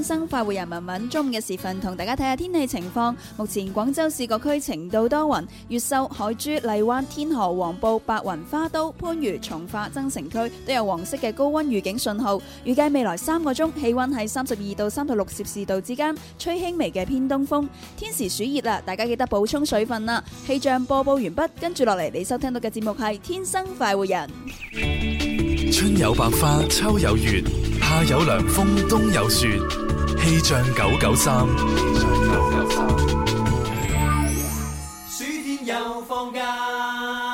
天生快活人文文，中午嘅時分同大家睇下天氣情況。目前廣州市各區晴到多雲，越秀、海珠、荔灣、天河、黃埔、白雲、花都、番禺、從化、增城區都有黃色嘅高温預警信號。預計未來三個鐘氣温喺三十二到三十六攝氏度之間，吹輕微嘅偏東風。天時暑熱啦，大家記得補充水分啦。氣象播報完畢，跟住落嚟你收聽到嘅節目係《天生快活人》。春有百花，秋有月，夏有涼風，冬有雪。氣象九九三，氣象九九三，暑天又放假。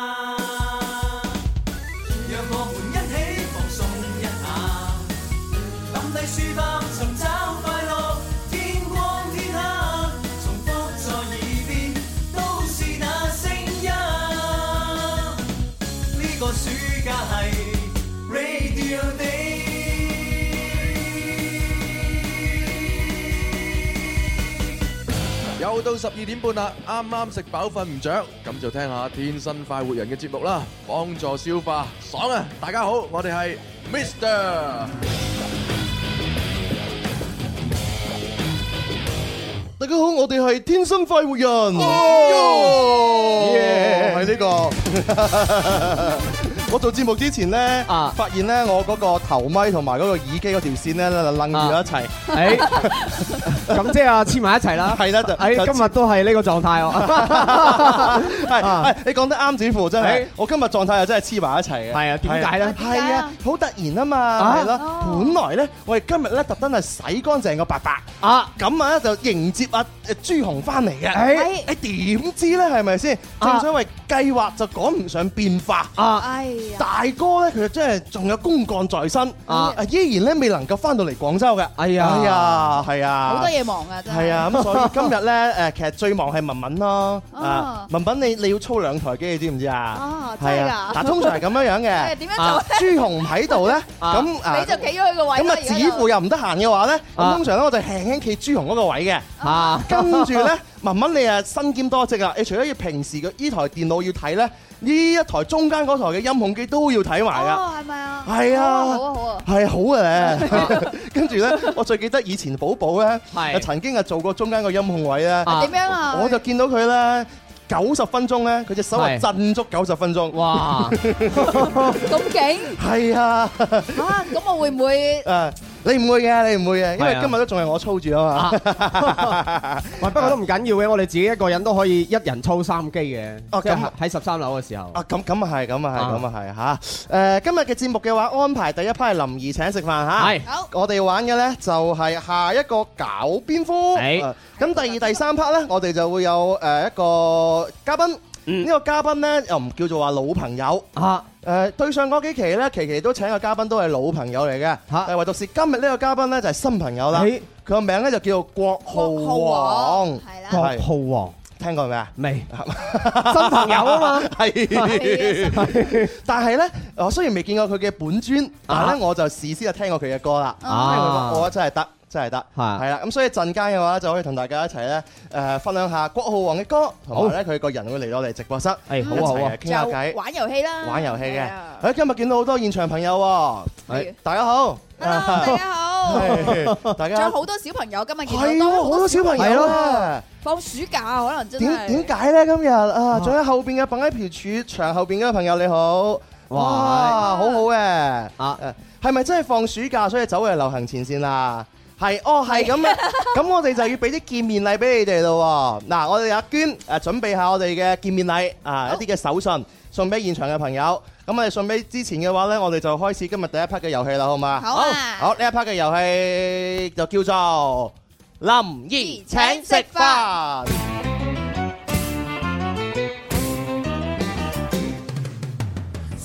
又到十二點半啦，啱啱食飽瞓唔着。咁就聽下天生快活人嘅節目啦，幫助消化，爽啊！大家好，我哋係 Mr. 大家好，我哋係天生快活人，哦，係呢個。 我做節目之前咧，啊，發現咧我嗰個頭咪同埋嗰個耳機嗰條線咧，愣住咗一齊。誒，咁即係黐埋一齊啦。係啦，就，今日都係呢個狀態。係，你講得啱，似乎真係。我今日狀態又真係黐埋一齊嘅。係啊，點解咧？係啊，好突然啊嘛。係咯，本來咧，我哋今日咧特登係洗乾淨個白白。啊，咁啊就迎接阿朱紅翻嚟嘅。誒，誒，點知咧係咪先？正所謂計劃就趕唔上變化。啊，大哥咧，佢又真係仲有公幹在身啊，依然咧未能夠翻到嚟廣州嘅。哎呀，係啊，好多嘢忙噶，真係啊。咁所以今日咧，誒，其實最忙係文文咯。文文，你你要操兩台機，你知唔知啊？哦，係啊。嗱，通常係咁樣樣嘅。誒，點樣做咧？朱紅唔喺度咧，咁啊，你就企咗佢個位。咁啊，子富又唔得閒嘅話咧，咁通常咧我就輕輕企朱紅嗰個位嘅。啊，跟住咧。文文，你啊身兼多職啊！你除咗要平時嘅依台電腦要睇咧，呢一台中間嗰台嘅音控機都要睇埋、哦、啊！係咪啊？係、哦、啊！好啊好啊！係好嘅咧。跟住咧，我最記得以前寶寶咧，是曾經啊做過中間個音控位咧。點樣啊？我，我就見到佢咧，九十分鐘咧，佢隻手係震足九十分鐘，哇！咁勁！ 係是啊！ 啊，咁我會唔會？ 你唔會嘅，你唔會嘅，因為今日都仲係我操住啊嘛。不過都唔緊要嘅，我哋自己一個人都可以一人操三機嘅。哦，咁喺十三樓嘅時候。啊，咁咁啊係，咁啊係，咁啊係嚇。誒，今日嘅節目嘅話安排第一 part 係林怡請食飯嚇。係。好。我哋要玩嘅咧就係下一個搞邊科。係。咁第二第三 part 咧，我哋就會有誒一個嘉賓。嗯。呢個嘉賓咧又唔叫做話老朋友啊。誒、呃、對上嗰幾期咧，琪琪都請嘅嘉賓都係老朋友嚟嘅。嚇、啊！誒唯獨是今日呢個嘉賓咧就係新朋友啦。佢個、欸、名咧就叫做郭浩皇。係啦。郭浩皇是聽過未啊？未。 新朋友啊嘛。係。但係咧，我雖然未見過佢嘅本尊，但係咧、啊、我就事先就聽過佢嘅歌啦。啊！聽佢個歌真係得。真係得，係啦，咁所以陣間嘅話就可以同大家一齊咧，誒，分享下郭浩皇嘅歌，同埋咧佢個人會嚟到我哋直播室，係好啊，一齊傾下偈，玩遊戲啦，玩遊戲嘅。誒，今日見到好多現場朋友，係，大家好，大家好，大家。仲有好多小朋友今日見到，好多小朋友啊，放暑假可能真係。點點解咧？今日啊，仲喺後邊嘅粉皮柱牆後邊嘅朋友你好，哇，好好嘅，啊，係咪真係放暑假所以走嚟流行前線啦？係，哦，係咁啊，咁我哋就要俾啲見面禮俾你哋咯，喔。嗱，我哋阿娟誒準備下我哋嘅見面禮好啊，一啲嘅手信送俾現場嘅朋友。咁，嗯，我哋送俾之前嘅話呢，我哋就開始今日第一 part 嘅遊戲啦，好嘛，啊。好，好呢一 part 嘅遊戲就叫做林怡請食飯。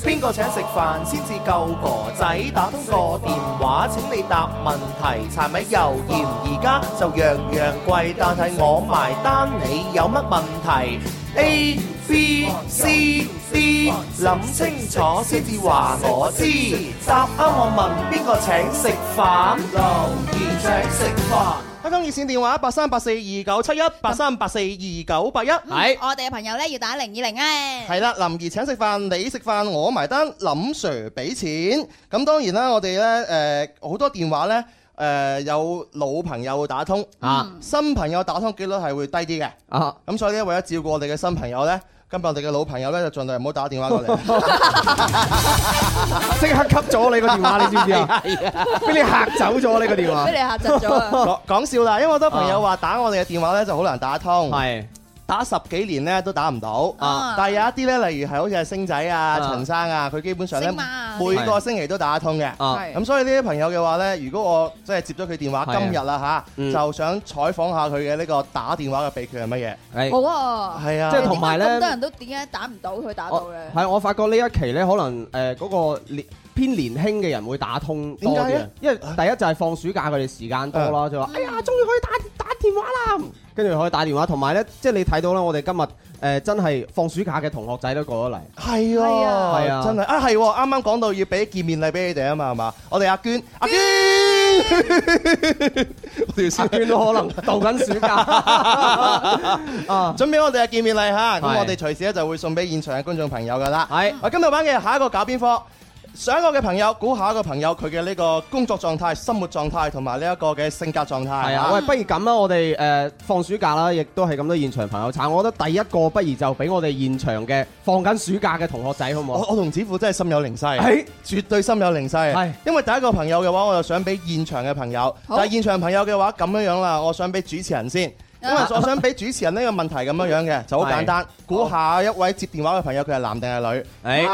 邊個請食飯先至夠哥仔？打通個電話請你答問題，柴米油鹽而家就樣樣貴，但係我埋單。你有乜問題？A B C D，諗清楚先至話我知。答啱我問邊個請食飯？留言：「請食飯。開通熱線電話 71, 81,、嗯，八三八四二九七一，八三八四二九八一。係我哋嘅朋友呢，要打零二零咧。係啦，林兒請食飯，你食飯我埋單，林 Sir 俾錢。咁當然啦，我哋呢，誒、呃，好多電話呢，誒、呃，有老朋友打通啊，新朋友打通幾率係會低啲嘅。啊，咁所以呢，為咗照顧我哋嘅新朋友呢。今日我哋嘅老朋友咧，就盡量唔好打電話過嚟，即刻吸咗你個電話，你知唔知啊？俾 你嚇走咗呢個電話，俾 你嚇走咗。講講笑啦，因為好多朋友話打我哋嘅電話咧，就好難打通。係。打十幾年咧都打唔到啊！但係有一啲咧，例如係好似阿星仔啊、陳生啊，佢基本上咧每個星期都打得通嘅。係咁，所以呢啲朋友嘅話咧，如果我即係接咗佢電話今日啦嚇，就想採訪下佢嘅呢個打電話嘅秘訣係乜嘢？係好啊！係啊！即係同埋咧，好多人都點解打唔到佢打到嘅？係我發覺呢一期咧，可能誒嗰個年偏年輕嘅人會打通多啲。點解？因為第一就係放暑假，佢哋時間多啦，就話：哎呀，終於可以打打電話啦！跟住可以打電話，同埋咧，即係你睇到啦。我哋今日誒真係放暑假嘅同學仔都過咗嚟，係啊，係啊，真係啊係，啱啱講到要俾見面禮俾你哋啊嘛，係嘛，我哋阿娟，阿娟，我阿、嗯、 娟都可能度緊暑假， 準備我哋嘅見面禮嚇，咁我哋隨時咧就會送俾現場嘅觀眾朋友噶啦，係、啊，今我今日玩嘅下一個搞邊科？想我嘅朋友，估下一個朋友佢嘅呢個工作狀態、生活狀態同埋呢一個嘅性格狀態。係啊，啊喂，不如咁啦，我哋誒、呃、放暑假啦，亦都係咁多現場朋友撐。我覺得第一個，不如就俾我哋現場嘅放緊暑假嘅同學仔好唔好？我同子富真係心有靈犀，係、欸、絕對心有靈犀。係、欸，因為第一個朋友嘅話，我就想俾現場嘅朋友，但係好現場朋友嘅話咁樣樣啦，我想俾主持人先。咁啊！我想俾主持人呢個問題咁樣樣嘅，就好簡單，估下一位接電話嘅朋友佢係男定係女？哎，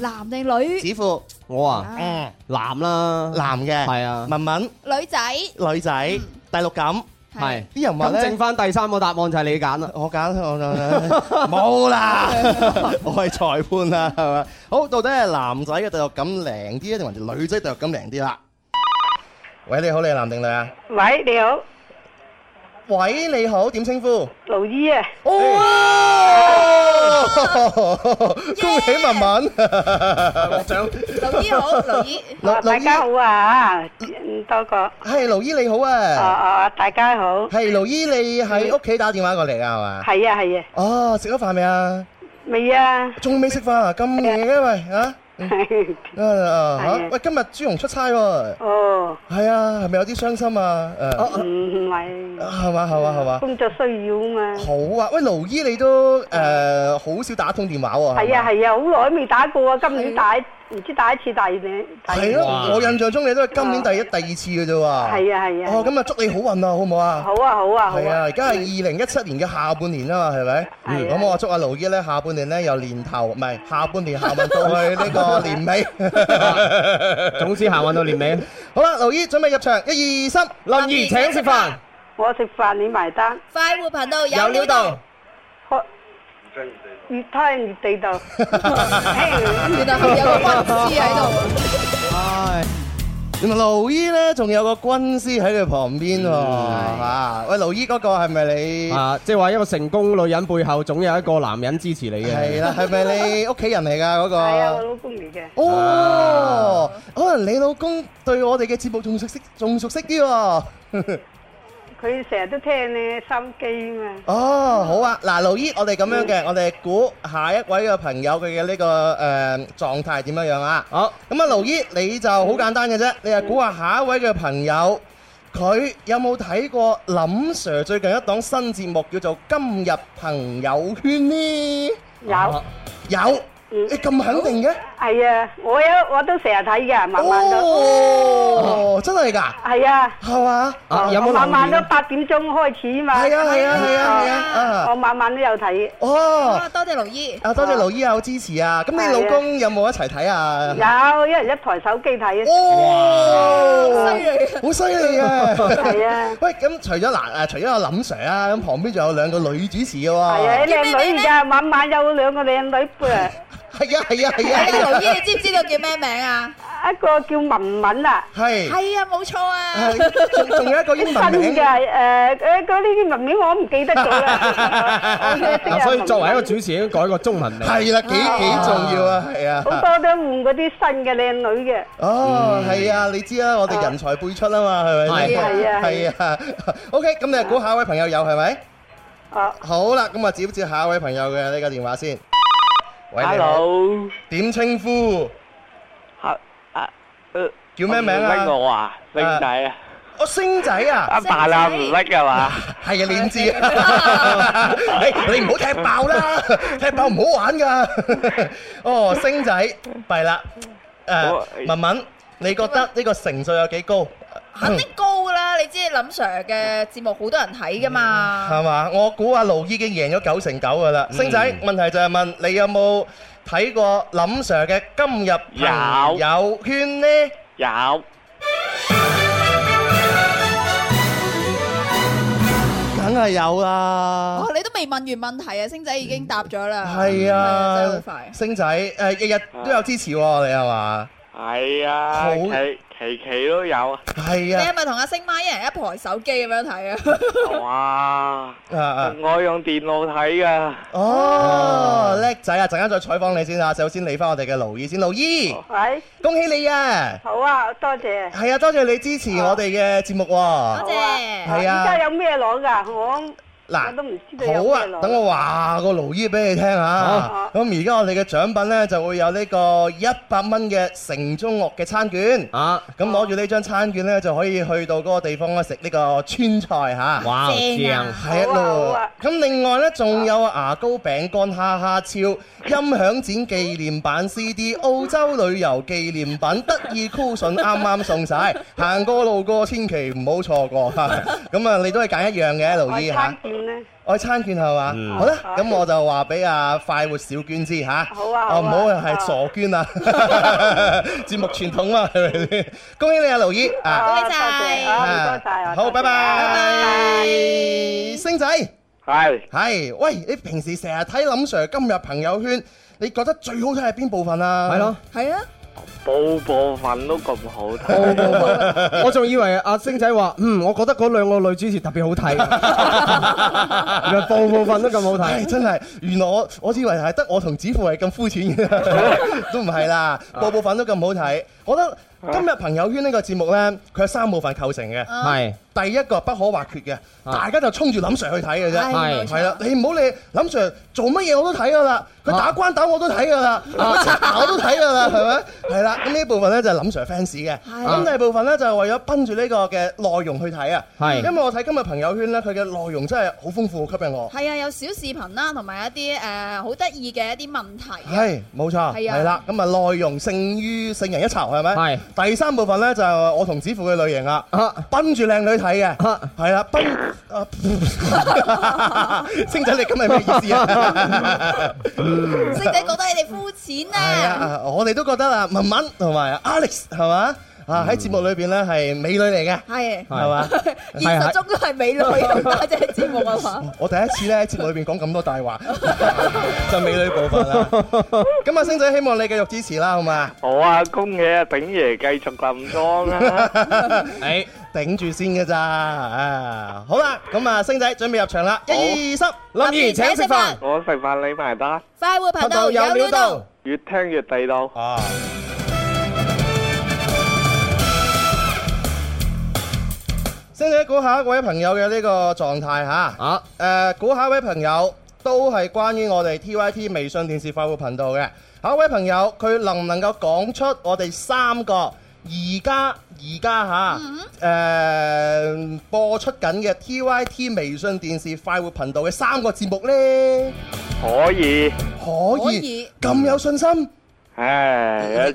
男定女？子富，我啊，嗯，男啦，男嘅，係啊，文文，女仔，女仔，第六感，係，啲人問咧，剩翻第三個答案就係你揀啦，我揀，我揀，冇啦，我係裁判啦，係嘛？好，到底係男仔嘅第六感靈啲啊，定還是女仔第六感靈啲啦？喂，你好，你係男定女啊？喂，你好。喂，你好，點稱呼？盧姨啊！哦，恭喜文文，我想。盧姨好，盧姨，大家好啊，嗯，多過。係盧姨你好啊！哦哦，大家好。係盧姨，你喺屋企打電話過嚟啊？係嘛？係啊，係啊。哦，食咗飯未啊？未啊。仲未食飯啊？咁夜嘅喂啊！係 啊！喂，今日朱融出差喎。哦，係啊，係咪、 啊、有啲傷心啊？誒，唔係。係嘛？係嘛？係嘛、 啊？工作需要啊嘛。好啊！喂，盧姨，你都誒好、呃、少打通電話喎。係啊！係 啊！好耐未打過啊！今年打。唔知第一次第二年，係咯？我印象中你都係今年第一第二次嘅啫喎。係啊係啊。哦，咁啊祝你好運啊，好唔好啊？好啊好啊。係啊，而家係二零一七年嘅下半年啊嘛，係咪？嗯，咁我祝阿盧姨咧下半年咧由年頭唔係下半年行運到去呢個年尾，總之行運到年尾。好啦，盧姨準備入場，一二三，盧姨請食飯，我食飯你埋單，快活頻道有料到。好。越聽越地道，欸、有個軍師喺度。唉、哎，盧姨咧，仲有個軍師喺你旁邊喎、嗯啊。喂，盧姨嗰個係咪你？啊，即係話一個成功女人背後總有一個男人支持你嘅。係啦，係咪你屋企人嚟噶嗰個？係啊，我老公嚟嘅。哦，啊啊、可能你老公對我哋嘅節目仲熟悉，仲熟悉啲喎、哦。 佢成日都聽你心機啊嘛～哦，好啊，嗱，盧姨，我哋咁樣嘅，嗯、我哋估下一位嘅朋友佢嘅呢個誒、呃、狀態點樣樣啊？好，咁啊，盧姨，你就好簡單嘅啫，嗯、你係估下下一位嘅朋友佢、嗯、有冇睇過林 Sir 最近一檔新節目叫做《今日朋友圈》呢？有有。哦。你咁肯定嘅？係啊，我有我都成日睇嘅，晚晚都。哦，真係噶？係啊。係嘛？我晚晚都八點鐘開始啊嘛。係啊，係啊，係啊，係啊。我晚晚都有睇。哦，多謝羅姨啊，多謝羅姨啊，好支持啊。咁你老公有冇一齊睇啊？有，一人一台手機睇。哦，好犀利啊！好犀利啊！係啊。喂，咁除咗嗱、誒，除咗阿林 Sir 啊，咁旁邊仲有兩個女主持嘅喎。係啊，靚女，而家晚晚有兩個靚女嚟。係啊，係啊，係啊！阿羅姨，你知唔知道叫咩名啊？一個叫文文啊，係係啊，冇錯啊，仲仲有一個英文名嘅，誒誒，嗰呢啲文名我唔記得咗啦。所以作為一個主持人，改個中文名，係啦，幾幾重要啊，係啊，好多都換嗰啲新嘅靚女嘅。哦，係啊，你知啦，我哋人才輩出啊嘛，係咪？係啊係啊。OK，咁你估下位朋友有係咪？啊，好啦，咁啊接接下一位朋友嘅呢個電話先？喂，你好。點稱呼？吓啊，呃，叫咩名啊？星哥啊，星仔啊，阿爸啦唔叻㗎嘛？係啊，名字。你你唔好踢爆啦，踢爆唔好玩㗎。哦，星仔，弊啦。誒，文文，你覺得呢個成數有幾高？肯定高啦！你知林 Sir 嘅節目好多人睇噶嘛，係嘛？我估阿盧已經贏咗九成九噶啦。星仔，問題就係問你有冇睇過林 Sir 嘅今日朋友圈呢？有，梗係有啦。你都未問完問題啊，星仔已經答咗啦。係啊，真係好快。星仔誒，日日都有支持喎，你係嘛？係啊，琪琪琪都有。係啊。你係咪同阿星媽一人一台手機咁樣睇啊？哇！我用電腦睇噶。哦，叻仔啊！陣間再採訪你先啊。首先理翻我哋嘅勞姨先，勞姨。係。恭喜你啊！好啊，多謝。係啊，多謝你支持我哋嘅節目。多謝。係啊。而家有咩攞噶我？嗱，好啊，等我話個勞衣俾你聽吓。咁而家我哋嘅獎品呢，就會有呢個一百蚊嘅城中樂嘅餐券。啊，咁攞住呢張餐券呢，就可以去到嗰個地方咧食呢個川菜吓。哇，正，係一路。咁另外呢，仲有牙膏、餅乾、哈哈超、音響展紀念版 CD、澳洲旅遊紀念品、得意酷順，啱啱送晒。行過路過，千祈唔好錯過。咁啊，你都係揀一樣嘅勞伊吓。我去餐券係嘛？好啦，咁我就話俾阿快活小娟知吓？好啊，哦唔好係傻娟啊！節目傳統啊，恭喜你啊，劉姨啊！恭喜曬，唔該。好，拜拜，拜拜，星仔。係係，喂！你平時成日睇林 Sir 今日朋友圈，你覺得最好睇係邊部分啊？係咯，係啊。部部分都咁好睇，我仲以為阿、啊、星仔話，嗯，我覺得嗰兩個女主持特別好睇， 原，部部分都咁好睇、 哎，真係，原來我我以為係得我同子父係咁膚淺嘅， 都唔係啦，部部、啊、分都咁好睇，我覺得今日朋友圈呢個節目呢，佢有三部分構成嘅，係、啊。第一個不可或缺嘅，大家就衝住林 Sir 去睇嘅啫，係啦，你唔好理林 Sir 做乜嘢我都睇噶啦，佢打關打我都睇噶啦，我都睇噶啦，係咪？係啦，咁呢一部分咧就係林 Sir fans 嘅，咁第二部分咧就係為咗奔住呢個嘅內容去睇啊，因為我睇今日朋友圈咧，佢嘅內容真係好豐富，好吸引我。係啊，有小視頻啦，同埋一啲誒好得意嘅一啲問題。係，冇錯，係啦，咁啊內容勝於聖人一籌係咪？係。第三部分咧就係我同子父嘅類型啊，奔住靚女睇。係嘅，係啦。星仔，你咁係咩意思啊？星仔覺得你哋膚淺啊？係啊，我哋都覺得啊，文文同埋 Alex 係嘛啊，喺節目裏邊咧係美女嚟嘅。係係嘛，現實中都係美女。咁多隻節目啊嘛，我第一次咧喺節目裏邊講咁多大話，就美女部分啦。咁啊，星仔希望你繼續支持啦，好嘛？好啊，公嘅頂爺繼續林裝啦，你。頂住先嘅咋啊！好啦，咁、嗯、啊，星仔準備入場啦！一二三，林怡兒，事請食飯。我食飯你埋單。快活頻道，道有料到，料到越聽越地道。啊！星仔，估下一位朋友嘅呢個狀態吓？啊！誒、啊，估、呃、下一位朋友都係關於我哋 T Y T 微信電視快活頻道嘅。下一位朋友，佢能唔能夠講出我哋三個？而家而家吓，誒、mm hmm. 呃、播出緊嘅 T Y T 微信電視快活頻道嘅三個節目咧，可以可以咁以有信心，唉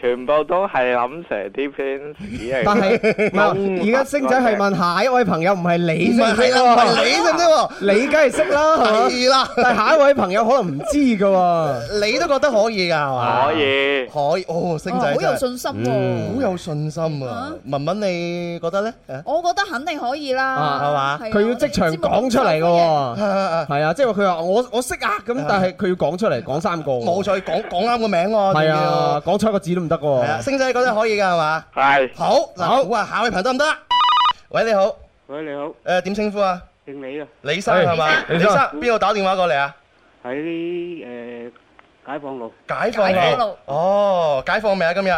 全部都係諗成啲片屎嚟。但係唔係，而家星仔係問下一位朋友，唔係你先知喎。唔係你先知喎，你梗係識啦，係啦。但係下一位朋友可能唔知噶喎。你都覺得可以噶係嘛？可以，可以。哦，星仔好有信心，好有信心啊！文文你覺得咧？我覺得肯定可以啦，係嘛？佢要即場講出嚟噶，係啊，即係話佢話我我識啊，咁但係佢要講出嚟講三個。冇錯，講講啱個名喎。係啊，講錯一個字都唔。得喎，係啊，星仔覺得可以噶係嘛？係，好嗱，好啊，下位朋友得唔得？喂，你好，喂，你好，誒，點稱呼啊？姓李啊，李生係咪？李生，邊度打電話過嚟啊？喺誒解放路，解放路，哦，解放未啊？今日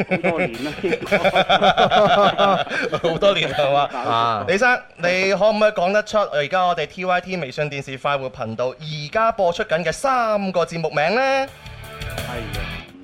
好多年啦，好多年係嘛？李生，你可唔可以講得出而家我哋 TYT 微信電視快活頻道而家播出緊嘅三個節目名咧？係啊。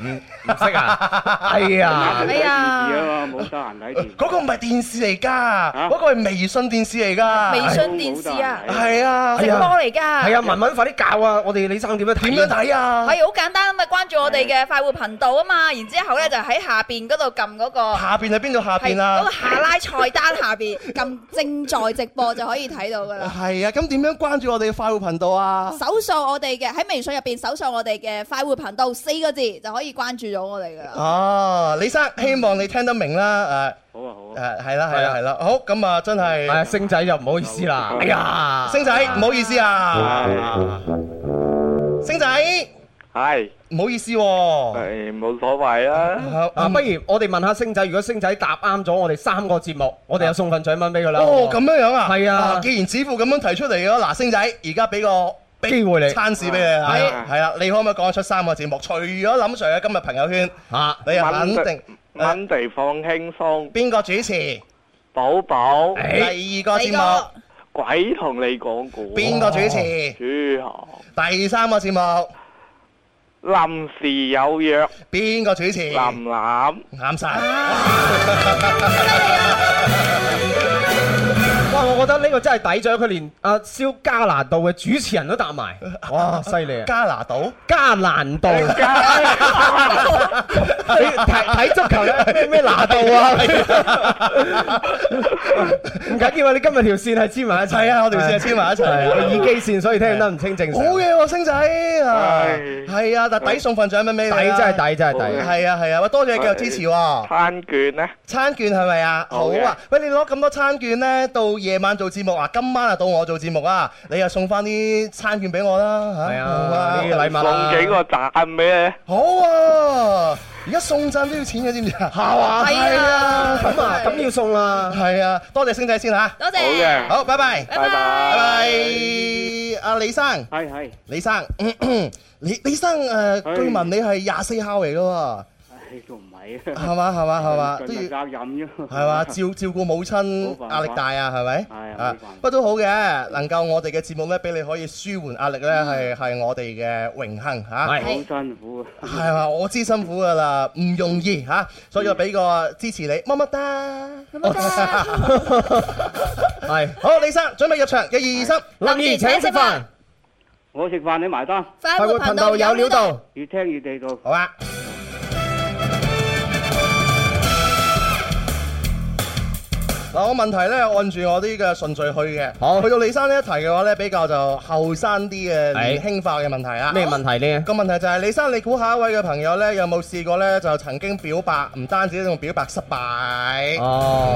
唔識啊？係啊！睇電視啊嘛，冇得閒睇電視。嗰個唔係電視嚟㗎，嗰個係微信電視嚟㗎。微信電視啊！係啊，直播嚟㗎。係啊，文文快啲教啊！我哋李生點樣點樣睇啊？係好簡單，咪關注我哋嘅快活頻道啊嘛。然之後咧就喺下邊嗰度撳嗰個。下邊喺邊度？下邊啊，嗰個下拉菜單下邊撳正在直播就可以睇到㗎啦。係啊，咁點樣關注我哋嘅快活頻道啊？搜索我哋嘅喺微信入邊搜索我哋嘅快活頻道四個字就可以。關注咗我哋噶哦，李生希望你聽得明啦，誒，好啊好，誒係啦係啦係啦，好咁啊真係星仔又唔好意思啦，哎呀，星仔唔好意思啊，星仔係唔好意思喎，係冇所謂啊，好啊，不如我哋問下星仔，如果星仔答啱咗我哋三個節目，我哋就送份獎品俾佢啦，哦咁樣樣啊，係啊，既然子富咁樣提出嚟咗，嗱星仔而家俾個。機會你餐試俾你睇，係啦，你可唔可以講出三個節目？除咗林 Sir 嘅今日朋友圈啊，你肯定肯定放輕鬆。邊個主持？寶寶。第二個節目，鬼同你講古。邊個主持？朱紅。第三個節目，臨時有約。邊個主持？林林。啱晒。我覺得呢個真係抵咗，佢連阿蕭加拿度嘅主持人都答埋，哇，犀利啊！加拿度？加拿度？你睇足球咩？拿度啊？唔緊要啊！你今日條線係黐埋一齊啊！我條線黐埋一齊啊！耳機線，所以聽得唔清正常。好嘢喎，星仔，係啊！但係抵送份獎品俾你，抵真係抵，真係抵，係啊係啊！多謝你繼續支持喎。餐券咧？餐券係咪啊？好啊！喂，你攞咁多餐券咧到。夜晚做節目啊！今晚啊到我做節目啊。你又送翻啲餐券俾我啦嚇！係啊，呢個禮物啊，送幾個贊俾你，好啊！而家送贊都要錢嘅，知唔知啊？嚇係啊，咁啊，咁要送啦，係啊，多謝星仔先嚇，多謝好，好，拜拜，拜拜，係阿李生，係係，李生，李李生誒，據聞你係廿四孝嚟咯。係嘛？係嘛？係嘛？都要。係嘛？照照顧母親，壓力大啊？係咪？係啊。不過都好嘅，能夠我哋嘅節目咧，俾你可以舒緩壓力咧，係係我哋嘅榮幸吓。係。好辛苦。係啊，我知辛苦噶啦，唔容易吓，所以啊，俾個支持你，乜乜得，乜乜得。係。好，李生準備入場，一二二三，林怡，請食飯。我食飯，你埋單。快活頻道有料到，越聽越地道。好啊。嗱，個問題咧，按住我啲嘅順序去嘅，好去到李生呢一題嘅話咧，比較就後生啲嘅年輕化嘅問題啊。咩問題呢？個問題就係李生，你估下一位嘅朋友咧，有冇試過咧就曾經表白？唔單止仲表白失敗。哦，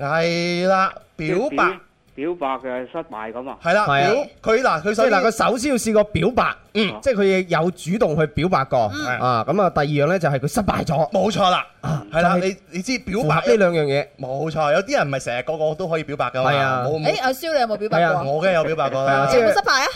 係啦，表白，表白嘅失敗咁啊。係啦，係啊。佢嗱，佢首即係嗱，佢首先要試過表白，嗯，即係佢有主動去表白過啊。咁啊，第二樣咧就係佢失敗咗。冇錯啦。係啦，你你知表白呢兩樣嘢，冇錯。有啲人唔係成日個個都可以表白噶嘛。哎，阿蕭，你有冇表白過？我梗係有表白過啦。有冇失敗啊？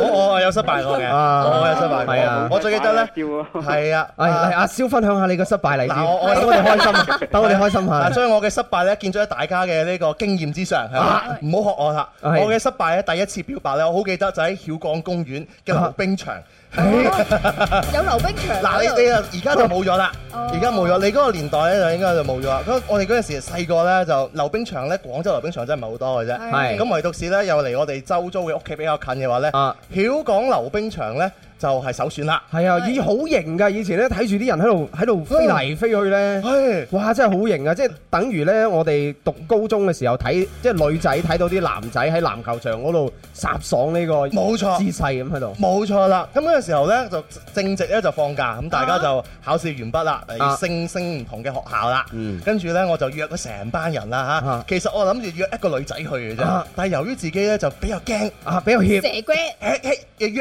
我我有失敗過嘅。我有失敗。係啊。我最記得咧。笑啊！係啊，阿蕭分享下你嘅失敗嚟。等我哋開心，等我哋開心下。所以我嘅失敗咧，見咗喺大家嘅呢個經驗之上。吓，唔好學我啦。我嘅失敗咧，第一次表白咧，我好記得就喺曉港公園嘅溜冰場。 有溜冰場嗱， 你哋啊，而家就冇咗啦，而家冇咗。你嗰、哦、個年代咧，就應該就冇咗。咁我哋嗰陣時細個咧，就溜冰場咧，廣州溜冰場真係唔係好多嘅啫。咁是唯獨是咧，又離我哋周遭嘅屋企比較近嘅話咧，啊、曉港溜冰場咧就係首選啦。係啊，以好型㗎。以前咧睇住啲人喺度喺度飛嚟飛去咧。係。哇，真係好型啊！即係等於咧，我哋讀高中嘅時候睇，即係女仔睇到啲男仔喺籃球場嗰度殺爽呢個冇錯姿勢咁喺度。冇錯啦。咁嗰陣時候咧就正值咧就放假，咁大家就考試完畢啦，嚟升升唔同嘅學校啦。嗯。跟住咧我就約咗成班人啦嚇。其實我諗住約一個女仔去嘅啫。但係由於自己咧就比較驚啊，比較怯。蛇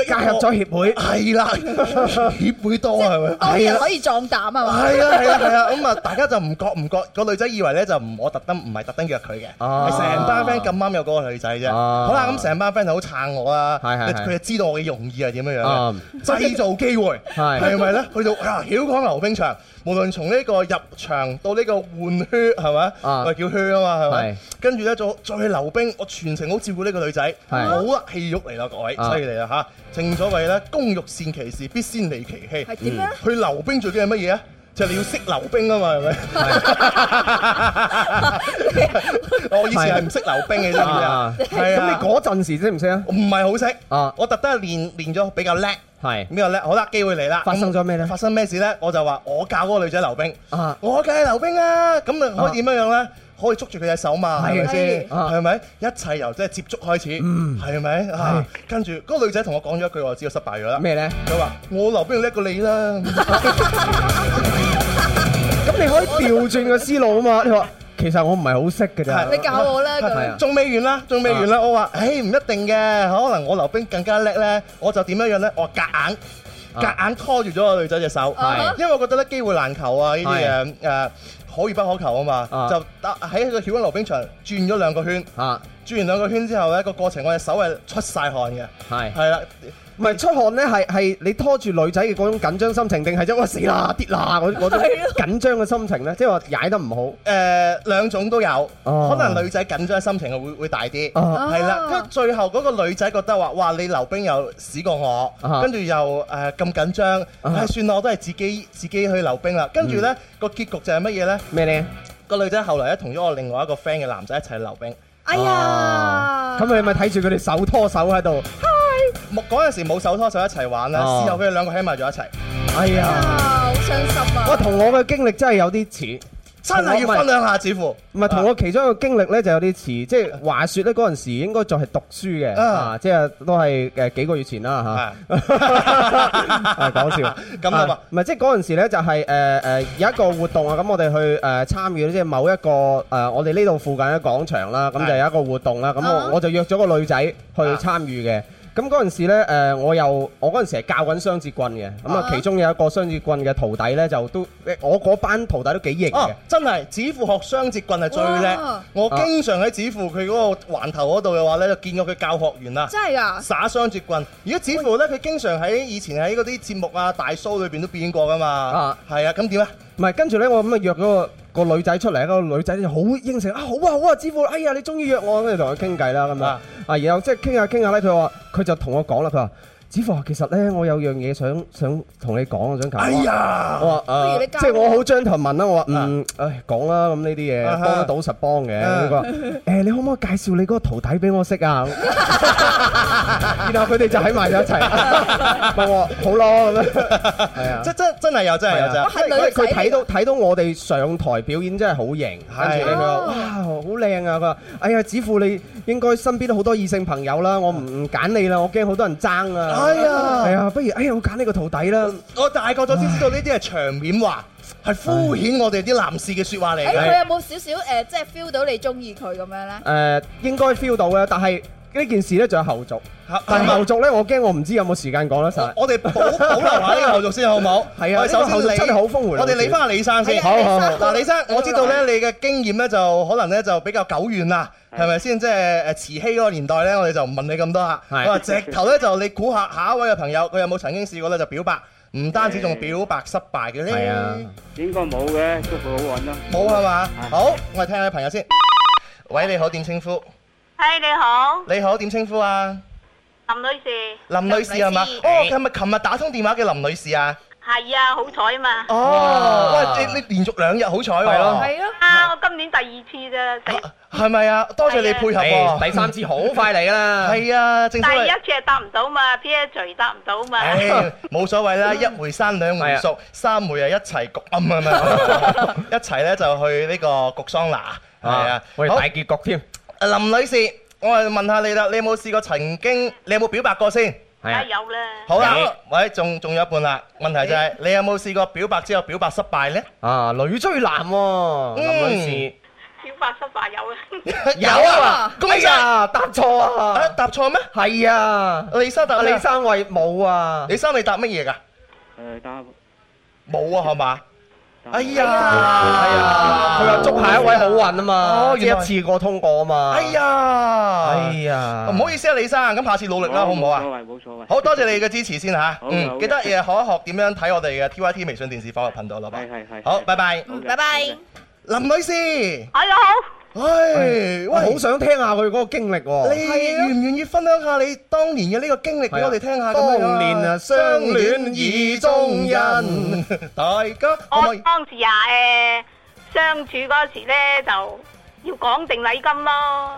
加入咗協會。係啦，協會對 多係咪？是是是可以壯膽啊！係啊係啊係啊！咁啊，大家就唔覺唔覺，個女仔以為咧就唔我特登唔係特登約佢嘅，係成班 friend 咁啱有嗰個女仔啫。好啦，咁成班 friend 好撐我啊！係係，佢就知道我嘅用意係點樣樣是製造機會，係咪咧？去到啊，曉港溜冰場。無論從呢個入場到呢個換靴，係、啊、嘛，啊，我叫靴啊嘛係咪？跟住咧，再再去溜冰，我全程好照顧呢個女仔，好是得戲肉嚟啦，各位，犀利啦嚇！正所謂咧，工欲善其事，必先利其器。係點咧？嗯、去溜冰最緊係乜嘢啊？就係你要識溜冰啊嘛，係咪？我以前係唔識溜冰嘅啫。咁你嗰陣時識唔識啊？唔係好識。啊，我特登練練咗比較叻。係。比較叻。好啦，機會嚟啦。發生咗咩咧？發生咩事咧？我就話我教嗰個女仔溜冰。啊。我梗係溜冰啊！咁啊可以點樣樣咧？可以捉住佢隻手嘛？係咪先？係咪？一切由即係接觸開始。嗯。係咪？係。跟住嗰個女仔同我講咗一句，我就知道失敗咗啦。咩咧？佢話我溜冰叻過你啦。咁 你可以調轉個思路啊嘛！你話其實我唔係好識嘅啫，是你教我啦。仲未、啊、完啦，仲未、啊、完啦！我話，誒唔一定嘅，可能我溜冰更加叻咧。我就點樣樣咧？我夾硬，夾、啊、硬拖住咗個女仔隻手，啊、因為我覺得咧機會難求啊！呢啲嘢誒可遇不可求啊嘛。就喺個曉運溜冰場轉咗兩個圈，啊、轉完兩個圈之後咧，個過程我隻手係出晒汗嘅，係啦、啊。唔係出汗咧？係，係你拖住女仔嘅嗰種緊張心情，定係因為死啦跌啦嗰嗰啲緊張嘅心情咧？即係話踩得唔好，誒兩種都有，可能女仔緊張心情會會大啲，係啦。咁最後嗰個女仔覺得話：哇，你溜冰又屎過我，跟住又誒咁緊張，唉算啦，我都係自己自己去溜冰啦。跟住咧個結局就係乜嘢咧？咩咧？個女仔後來咧同咗我另外一個 friend 嘅男仔一齊溜冰。哎呀！咁你咪睇住佢哋手拖手喺度。嗰陣時冇手拖手一齊玩，咧，之後佢哋兩個喺埋咗一齊。哎呀，好傷心啊！我同我嘅經歷真係有啲似，真係要分兩下，似乎唔係同我其中一個經歷咧就有啲似。即係話說咧，嗰陣時應該仲係讀書嘅啊，即係都係誒幾個月前啦吓。係講笑，咁啊唔係，即係嗰陣時咧就係誒誒有一個活動啊，咁我哋去誒參與即係某一個誒我哋呢度附近嘅廣場啦，咁就有一個活動啦，咁我我就約咗個女仔去參與嘅。咁嗰陣時咧，誒，我又我嗰陣時係教緊雙截棍嘅，咁啊，其中有一個雙截棍嘅徒弟咧，就都我嗰班徒弟都幾型嘅、啊，真係子父學雙截棍係最叻，哇我經常喺子父佢嗰個環頭嗰度嘅話咧，就見過佢教學員啦，真係噶、啊、耍雙截棍，而家子父咧，佢經常喺以前喺嗰啲節目啊大 show 裏邊都表演過噶嘛，啊，係啊，咁點啊？唔係，跟住咧，我咁啊約嗰個女仔出嚟，嗰、那個女仔咧，好應承啊，好啊好啊，師傅，哎呀，你終於約我，跟住同佢傾偈啦咁啊，啊，然後即係傾下傾下咧，佢話佢就同我講啦，佢話。子父，其實咧，我有樣嘢想想同你講，我想哎呀，搞啊，即係我好張頭文啦，我話嗯，誒講啦，咁呢啲嘢，我幫到實幫嘅。佢話誒，你可唔可以介紹你嗰個徒弟俾我識啊？然後佢哋就喺埋咗一齊，幫好咯咁樣。係啊，即真真係有，真係有。真，佢睇到睇到我哋上台表演真係好型，跟住佢話哇好靚啊，佢話哎呀子父，你應該身邊都好多異性朋友啦，我唔唔揀你啦，我驚好多人爭啊。哎呀，係啊、哎，不如哎呀，我揀呢個徒弟啦。我大個咗先知道呢啲係場面話，係敷衍我哋啲男士嘅說話嚟。哎，佢有冇少少誒，即係 feel 到你中意佢咁樣咧？誒、呃，應該 feel 到嘅，但係。呢件事咧就有後續，但係後續咧，我驚我唔知有冇時間講得晒。我哋保保留下呢個後續先，好唔好？係啊，我哋首先，你真係好峰迴路轉。我哋理翻阿李生先。好好，嗱李生，我知道咧你嘅經驗咧就可能咧就比較久遠啦，係咪先？即係誒慈禧嗰個年代咧，我哋就唔問你咁多吓。我話直頭咧就你估下下一位嘅朋友佢有冇曾經試過咧就表白？唔單止仲表白失敗嘅先。係啊，應該冇嘅，祝唔好揾啦。冇係嘛？好，我哋聽下啲朋友先。喂，你好，點稱呼？嗨，你好。你好，點稱呼啊？林女士。林女士係嘛？哦，佢係咪琴日打通電話嘅林女士啊？係啊，好彩啊嘛。哦，你你連續兩日好彩係咯。係啊，我今年第二次啫。係咪啊？多謝你配合。第三次好快嚟啦。係啊，正。第一次係搭唔到嘛，P A G 搭唔到嘛。唉，冇所謂啦，一回生，兩回熟，三回啊一齊焗，唔係咪？一齊咧就去呢個焗桑拿，係啊，喂大結局添。林女士，我係問下你啦，你有冇試過曾經？你有冇表白過先？係啊。好啦，喂，仲仲有一半啦。問題就係你有冇試過表白之後表白失敗咧？啊，女追男，林女士。表白失敗有啊。有啊，恭喜啊，答錯啊。啊，答錯咩？係啊，李生答，李生喂冇啊。李生你答乜嘢噶？誒，答冇啊，係嘛？哎呀，佢祝捉下一位好運啊嘛，可以一次過通過啊嘛。哎呀，哎呀，唔好意思啊，李生，咁下次努力啦，好唔好啊？冇錯，冇錯，好多謝你嘅支持先吓，嗯，記得誒可一學點樣睇我哋嘅 T Y T 微信電視法律頻道啦，係系系，好，拜拜，拜拜，林女士，hello。唉，我好想聽下佢嗰個經歷喎，啊。的你願唔願意分享下你當年嘅呢個經歷俾我哋聽下嘅？當年啊，相戀意中人， 大家我當時啊，誒、呃、相處嗰時咧就。要講定禮金咯，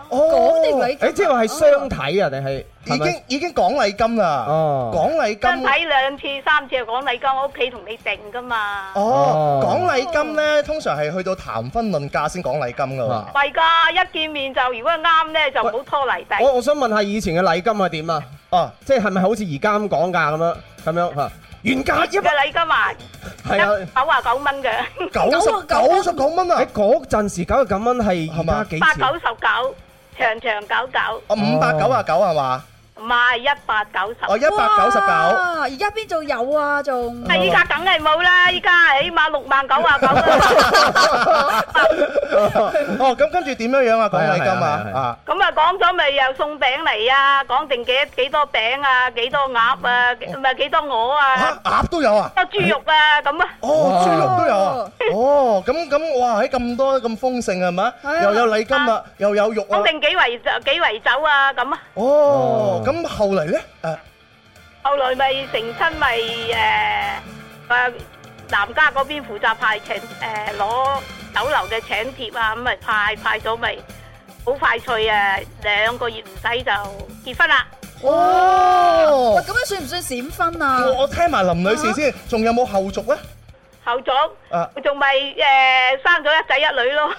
講、哦、定禮金，欸、即係話係相睇啊，定係、哦、是已經已經講禮金啦，哦，講禮金，睇兩次三次就講禮金，我屋企同你定噶嘛。哦，講禮金咧，通常係去到談婚論嫁先講禮金噶。係噶，一見面就如果啱咧就唔好拖泥帶。我我想問下以前嘅禮金係點啊？哦、啊，即係係咪好似而家咁講價咁樣咁樣吓？啊原價一百李金萬，係啊九啊九蚊嘅九十九十九蚊啊！喺嗰陣時九十九蚊係而家幾錢？百九十九，長長久久。哦，五百九啊九係嘛？賣一百九十哦，一百九十九，而家邊度有啊？仲係依家梗係冇啦！依家起碼六萬九啊九啦。哦，咁跟住點樣樣啊？講禮金啊啊！咁啊，講咗咪又送餅嚟啊？講定幾多幾多餅啊？幾多鴨啊？唔係幾多鵝啊？鴨都有啊？得豬肉啊？咁啊？哦，豬肉都有啊。哦，咁咁哇，喺咁多咁豐盛係嘛？又有禮金啊，又有肉啊。講定幾圍幾圍酒啊？咁啊？哦。咁後嚟咧？誒，後來咪成親咪誒誒，男家嗰邊負責派請誒，攞酒樓嘅請帖啊，咁咪派派咗咪好快脆啊，兩個月唔使就結婚啦。哦，咁樣算唔算閃婚啊？我聽埋林女士先，仲有冇後續咧？後續啊，仲咪誒生咗一仔一女咯。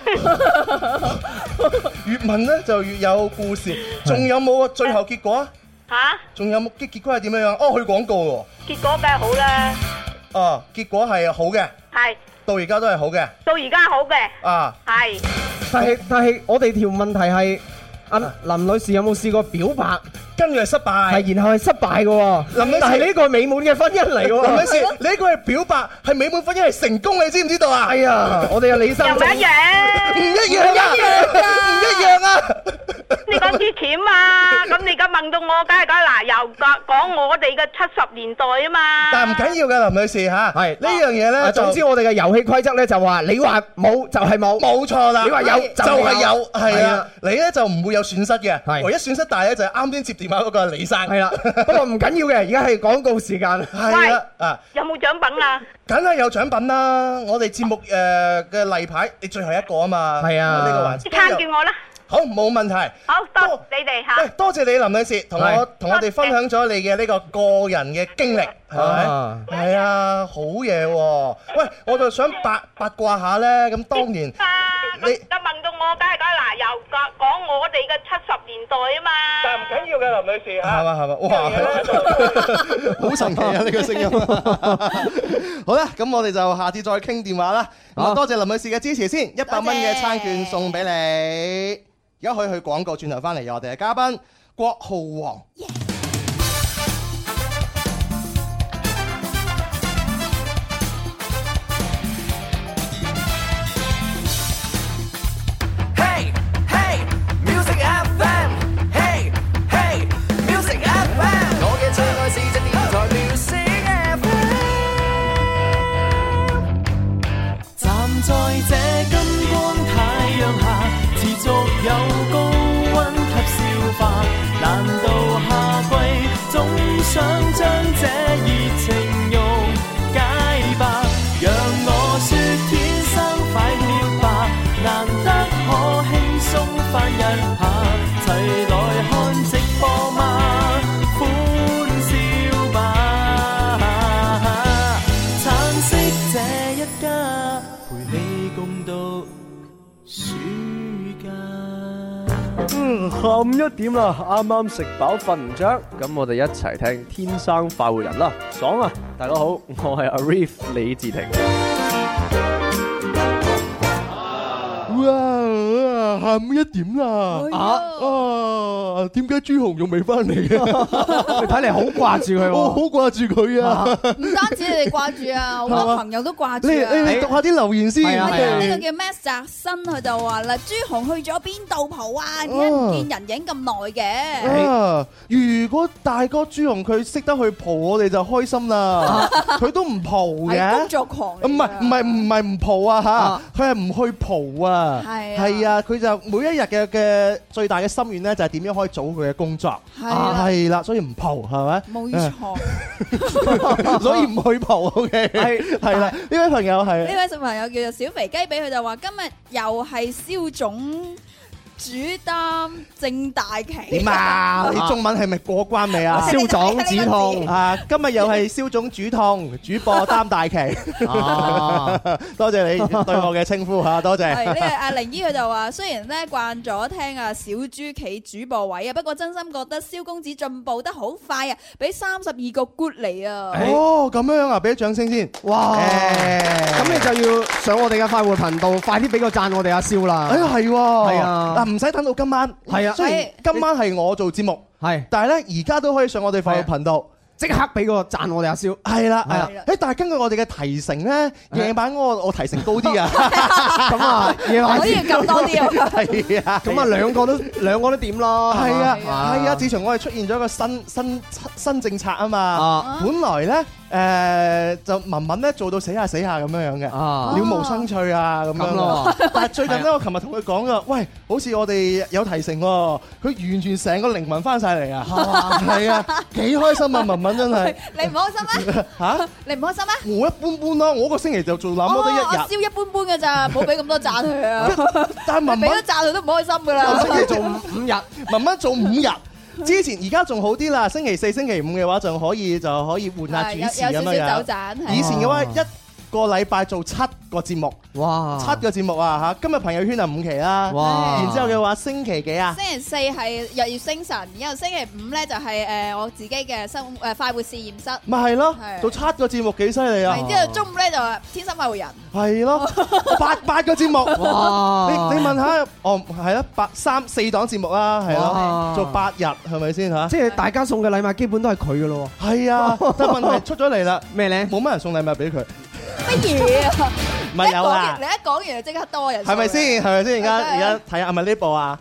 越問咧就越有故事，仲有冇最後結果啊？吓？仲、啊、有目結結果係點樣樣？哦，佢廣告喎、啊。結果咩好咧？哦是，結果係好嘅。係，到而家都係好嘅。到而家好嘅。啊，係是。但係但係，我哋條問題係阿林女士有冇試過表白？跟住係失敗，係，然後係失敗嘅。但係呢個係美滿嘅婚姻嚟，林女士，你呢個係表白，係美滿婚姻係成功，你知唔知道啊？係啊，我哋嘅李生唔一樣，唔一樣啊，唔一樣啊，唔一樣啊！你講啲錢嘛？咁你而家問到我，梗係講嗱，又講我哋嘅七十年代啊嘛。但係唔緊要嘅，林女士吓，係呢樣嘢咧。總之我哋嘅遊戲規則咧就話，你話冇就係冇，冇錯啦。你話有就係有，係啊，你咧就唔會有損失嘅。唯一損失大咧就係啱先接電話。唔係嗰個李生，係啦。不過唔緊要嘅，而家係廣告時間。係啊，有冇獎品啊？梗係有獎品啦！我哋節目誒嘅例牌，你最後一個啊嘛。係啊。你攤叫我啦。好，冇問題。好多你哋嚇。喂，多謝你林女士同我同我哋分享咗你嘅呢個個人嘅經歷，係咪？係啊，好嘢喎！喂，我就想八八卦下咧。咁當然你一問到我，梗係講嗱，又講講我哋嘅七十年代啊嘛。但係唔緊要嘅，林女士嚇。係嘛係嘛，哇！好神奇啊！呢個聲音。好啦，咁我哋就下次再傾電話啦。多謝林女士嘅支持先，一百蚊嘅餐券送俾你。而家可以去廣告，轉頭翻嚟，有我哋嘅嘉賓郭浩皇。Yeah. 想將這熱情溶解吧，讓我説天生快活吧，難得可輕鬆翻一下，齊來看直播嗎？歡笑吧，橙、啊啊、色這一家，陪你共度暑。嗯，下午剛剛一點啦，啱啱食飽瞓唔着，咁我哋一齊聽天生快活人啦，爽啊！大家好，我係 Arief 李志霆。啊下午一點啦，啊，點解朱紅仲未翻嚟嘅？睇嚟，好掛住佢，好掛住佢啊！唔單止你哋掛住啊，好多朋友都掛住啊！你你讀下啲留言先，呢個叫咩？澤新佢就話啦，朱紅去咗邊度蒲啊？點解唔見人影咁耐嘅？如果大哥朱紅佢識得去蒲，我哋就開心啦。佢都唔蒲嘅，工作狂。唔係唔係唔係唔蒲啊吓，佢係唔去蒲啊，係啊，佢。就每一日嘅嘅最大嘅心願咧，就係點樣可以做佢嘅工作係啦、啊啊，所以唔蒲係咪？冇錯，錯 所以唔去蒲。O K 係係啦，呢位、啊、朋友係呢位小朋友叫做小肥雞，俾佢就話今日又係消腫。主擔正大旗點啊？你中文係咪過關未啊？蕭總主痛，啊！今日又係蕭總主痛。主播擔大旗。多謝你對我嘅稱呼嚇，多謝。呢個阿玲姨佢就話：雖然咧慣咗聽啊小豬企主播位啊，不過真心覺得蕭公子進步得好快啊，俾三十二個 good 嚟啊！哦，咁樣樣啊，俾啲掌聲先。哇！咁你就要上我哋嘅快活頻道，快啲俾個讚我哋阿蕭啦！哎呀，係喎，係啊。唔使等到今晚，係啊，雖然今晚係我做節目，係。但係咧，而家都可以上我哋法律頻道，即刻俾個讚我哋阿蕭，係啦，係啦。誒，但係根據我哋嘅提成咧，夜晚我我提成高啲噶，咁啊，夜晚可以要多啲啊，係啊，咁啊，兩個都兩個都點咯，係啊，係啊，自從我哋出現咗一個新新新政策啊嘛，本來咧。誒，就文文咧做到死下死下咁樣樣嘅，了無生趣啊咁樣。但係最近咧，我琴日同佢講噶，喂，好似我哋有提成，佢完全成個靈魂翻晒嚟啊，係啊，幾開心啊文文真係。你唔開心咩？吓？你唔開心咩？我一般般咯，我一個星期就做咁多一日。我我我燒一般般嘅,咋，冇俾咁多讚佢啊。但係文文俾咗讚佢都唔開心噶啦。文文做五日，文文做五日。之前而家仲好啲啦，星期四、星期五嘅話仲可以，就可以換下主持咁樣嘅。啊、的以前嘅話、啊、一。個禮拜做七個節目，哇！七個節目啊吓，今日朋友圈係五期啦，然之後嘅話星期幾啊？星期四係日月星辰，然後星期五咧就係誒我自己嘅生誒快活試驗室，咪係咯，做七個節目幾犀利啊！然之後中午咧就天生快活人，係咯，八八個節目，你你問下，哦係啊，八三四檔節目啦，係咯，做八日係咪先吓？即係大家送嘅禮物基本都係佢嘅咯，係啊，但係問題出咗嚟啦，咩咧？冇乜人送禮物俾佢。 不如，唔係有啦！你一講完，完就即刻多人睇，係咪先？係咪先？而家而家睇下係咪呢部啊？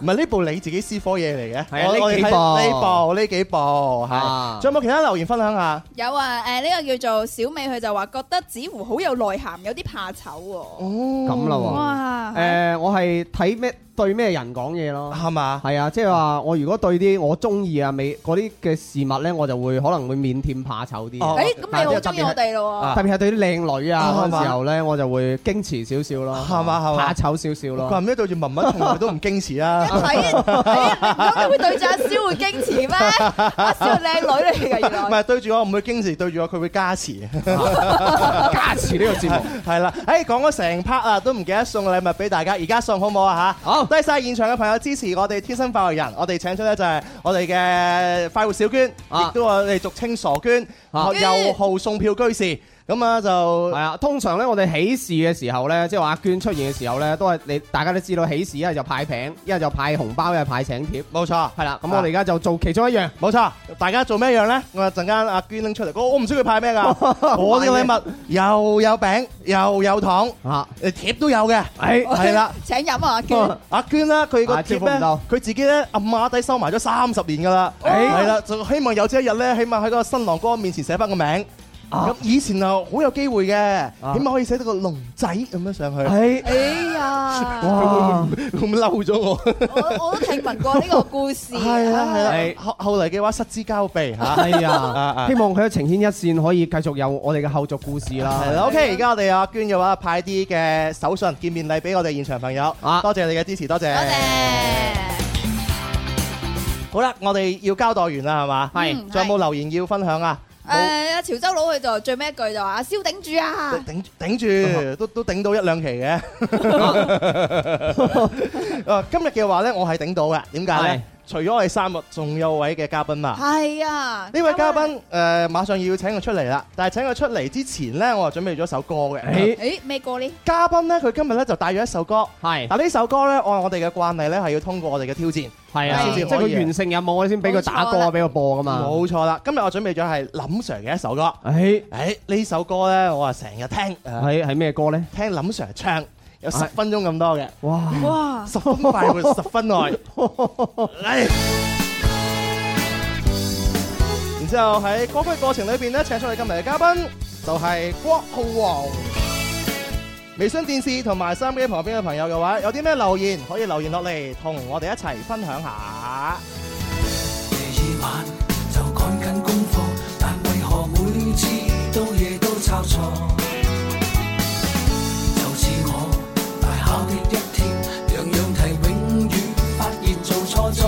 唔係呢部你自己私伙嘢嚟嘅，係啊，呢幾部呢部呢幾部係。仲有冇其他留言分享下？有啊，誒呢個叫做小美，佢就話覺得似乎好有內涵，有啲怕醜喎。哦，咁啦喎。哇，誒我係睇咩對咩人講嘢咯，係嘛？係啊，即係話我如果對啲我中意啊美嗰啲嘅事物咧，我就會可能會靦腆怕醜啲。哦，咁你好中意我哋咯？特別係對啲靚女啊，時候咧我就會矜持少少咯，係嘛，怕醜少少咯。咁一對住文文都唔矜持。一睇，咁佢、 欸、對住阿蕭會矜持咩？阿蕭係靚女嚟㗎，唔係對住我唔會矜持，對住我佢會，會加持。 加持呢個節目係啦。誒講咗成 part 啊，都唔記得送禮物俾大家，而家送好唔好啊？嚇，好，好，多謝好現場嘅朋友支持我哋天生快活人，我哋請出咧就係我哋嘅快活小娟，亦、啊、都我哋俗稱傻娟，啊啊、又號送票居士。咁啊就係啊，通常咧我哋喜事嘅時候咧，即係話阿娟出現嘅時候咧，都係你大家都知道喜事一係就派餅，一係就派紅包，一係派請帖，冇錯。係啦，咁我哋而家就做其中一樣，冇錯。大家做咩樣咧？我陣間阿娟拎出嚟，我唔知佢派咩噶，我啲禮物又有餅又有糖吓，誒貼都有嘅，係係啦，請飲啊，阿娟。阿娟咧，佢個貼咧，佢自己咧暗媽底收埋咗三十年噶啦，係啦，就希望有朝一日咧，起碼喺個新郎哥面前寫翻個名。咁以前啊，好有機會嘅，起碼可以寫到個龍仔咁樣上去。係，哎呀，哇，咁嬲咗我。我都聽聞過呢個故事。係啊係啊，後後嚟嘅話失之交臂嚇。係啊，希望佢情牽一線，可以繼續有我哋嘅後續故事啦。係啦，OK，而家我哋阿娟嘅話派啲嘅手信、見面禮俾我哋現場朋友。啊，多謝你嘅支持，多謝。多謝。好啦，我哋要交代完啦，係嘛？係。仲有冇留言要分享啊？潮州佬佢就最尾一句就話：，阿蕭頂住啊！頂住,頂住，都頂到一兩期嘅。 今日嘅話咧，我係頂到嘅，點解咧？除咗我哋三木，仲有位嘅嘉賓啊。係啊！呢位嘉賓誒，馬上要請佢出嚟啦。但係請佢出嚟之前咧，我就準備咗首歌嘅。誒誒，咩歌咧？嘉賓咧，佢今日咧就帶咗一首歌。係。但呢首歌咧，按我哋嘅慣例咧，係要通過我哋嘅挑戰。係啊，即係佢完成任務先俾佢打歌啊，俾佢播噶嘛。冇錯啦，今日我準備咗係林 Sir 嘅一首歌。誒誒，呢首歌咧，我啊成日聽。係係，咩歌咧？聽林 Sir 唱。有十分鐘咁多嘅，哇，十分快活，十分耐。嚟，然之後喺歌曲過程裏邊咧，請出嚟今日嘅嘉賓就係郭浩皇。微信電視同埋收音機旁邊嘅朋友嘅話，有啲咩留言可以留言落嚟，同我哋一齊分享下。夜晚就趕緊功課，但為何每次到夜都抄錯？跑的 一天樣樣題，永遠發現做錯咗。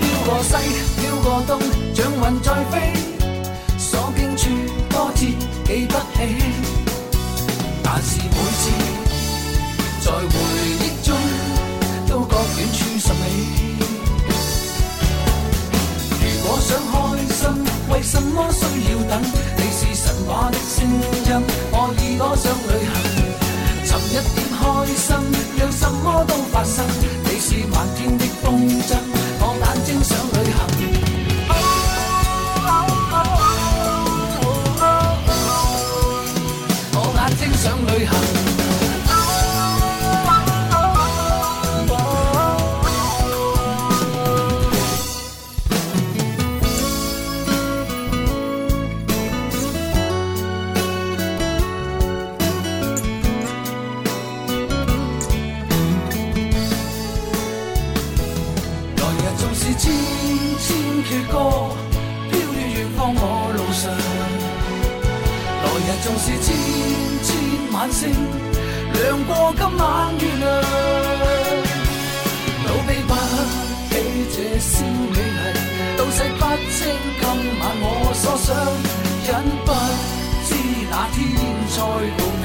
飄過西，飄過東，獎運在飛。所經處多次記不起。但是每次在回憶中，都覺遠處甚美。如果想開心，為什麼需要等？你是神話的聲音，我耳朵想旅行。心讓什麼都發生，你是漫天的風箏，我眼睛想。亮過今晚月亮，都比不起這宵美麗，都洗不清今晚我所想，因不知哪天再講。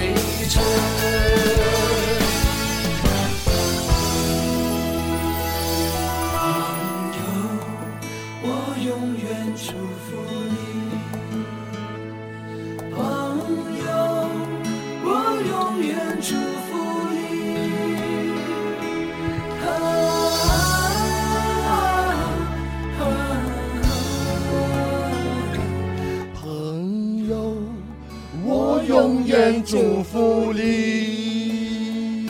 福利，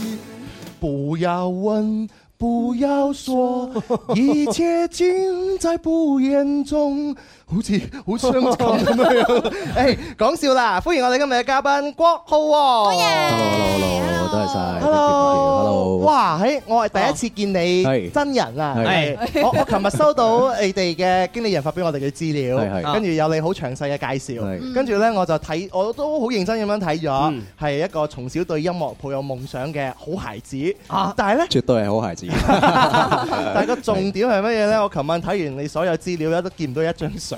不要問，不要說， 一切盡在不言中。好似好傷心咁樣。誒，講笑啦！歡迎我哋今日嘅嘉賓郭浩皇。好呀！Hello，Hello，多謝晒。Hello，Hello 哇！喺我係第一次見你真人啊！係。我我琴日收到你哋嘅經理人發俾我哋嘅資料，跟住有你好詳細嘅介紹，跟住咧，我就睇，我都好認真咁樣睇咗，係一個從小對音樂抱有夢想嘅好孩子啊！但係咧，絕對係好孩子。但係個重點係乜嘢咧？我琴晚睇完你所有資料，都見唔到一張相。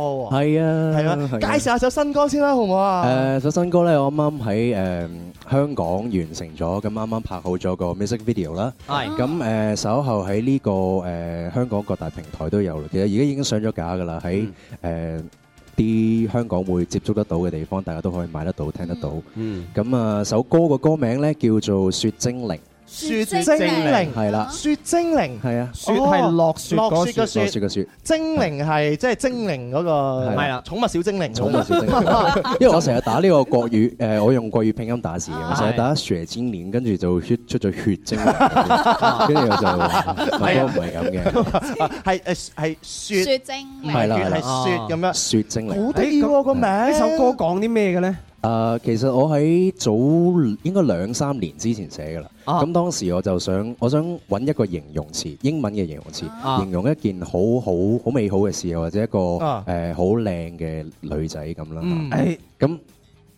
係啊，係啊，介紹下首新歌先啦，好唔好啊？誒，首新歌咧，我啱啱喺誒香港完成咗，咁啱啱拍好咗個 music video 啦。係，咁誒，稍後喺呢個誒香港各大平台都有。其實而家已經上咗架㗎喇，喺誒啲香港會接觸得到嘅地方，大家都可以買得到、聽得到。嗯，咁啊，首歌個歌名咧叫做《雪精靈》。.雪精靈係啦，雪精靈係啊，雪係落雪嗰雪，落雪嘅雪精靈係即係精靈嗰個係啦，寵物小精靈。寵物小精靈，因為我成日打呢個國語，誒，我用國語拼音打字嘅，成日打雪精靈，跟住就出出咗血精靈，跟住我就話，大哥唔係咁嘅，係誒係雪，雪精靈，係啦，係雪咁樣，雪精靈。咦，個名？呢首歌講啲咩嘅咧？誒，uh, 其實我喺早應該兩三年之前寫嘅啦。咁、啊、當時我就想，我想揾一個形容詞，英文嘅形容詞，啊、形容一件好好好美好嘅事，或者一個誒好靚嘅女仔咁啦。誒，咁、嗯、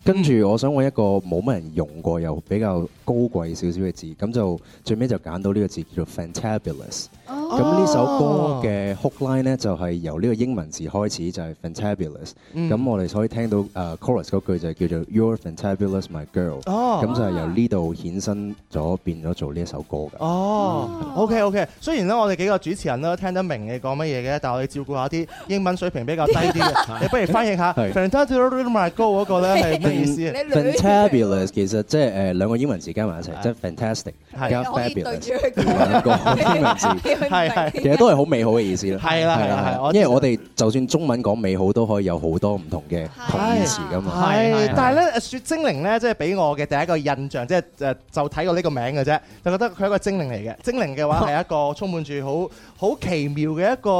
跟住我想揾一個冇乜人用過又比較高貴少少嘅字，咁就最尾就揀到呢個字叫做 fantabulous。哦，咁呢首歌嘅 hook line 咧就係、是、由呢個英文字開始，就係、是、fantabulous。嗯，咁我哋可以聽到誒、uh, chorus 嗰句就係叫做 Your fantabulous, my girl。哦，咁就係由呢度衍生咗、oh, 變咗做呢一首歌嘅。哦、oh，OK OK。雖然咧我哋幾個主持人咧聽得明你講乜嘢嘅，但係我哋照顧下啲英文水平比較低啲嘅， 你不如翻譯下 fantabulous, my girl 嗰個咧係咩意思啊？ 是。Fantabulous, 其實即係誒兩個英文字。加埋一齊，即係 fantastic，更加 fabulous。係係，其實都係好美好嘅意思啦。係啦係啦係，因為我哋就算中文講美好，都可以有好多唔同嘅同義詞㗎嘛。係，但係咧，雪精靈咧，即係俾我嘅第一個印象，即係誒，就睇過呢個名嘅啫，就覺得佢係一個精靈嚟嘅。精靈嘅話係一個充滿住好。好奇妙嘅一個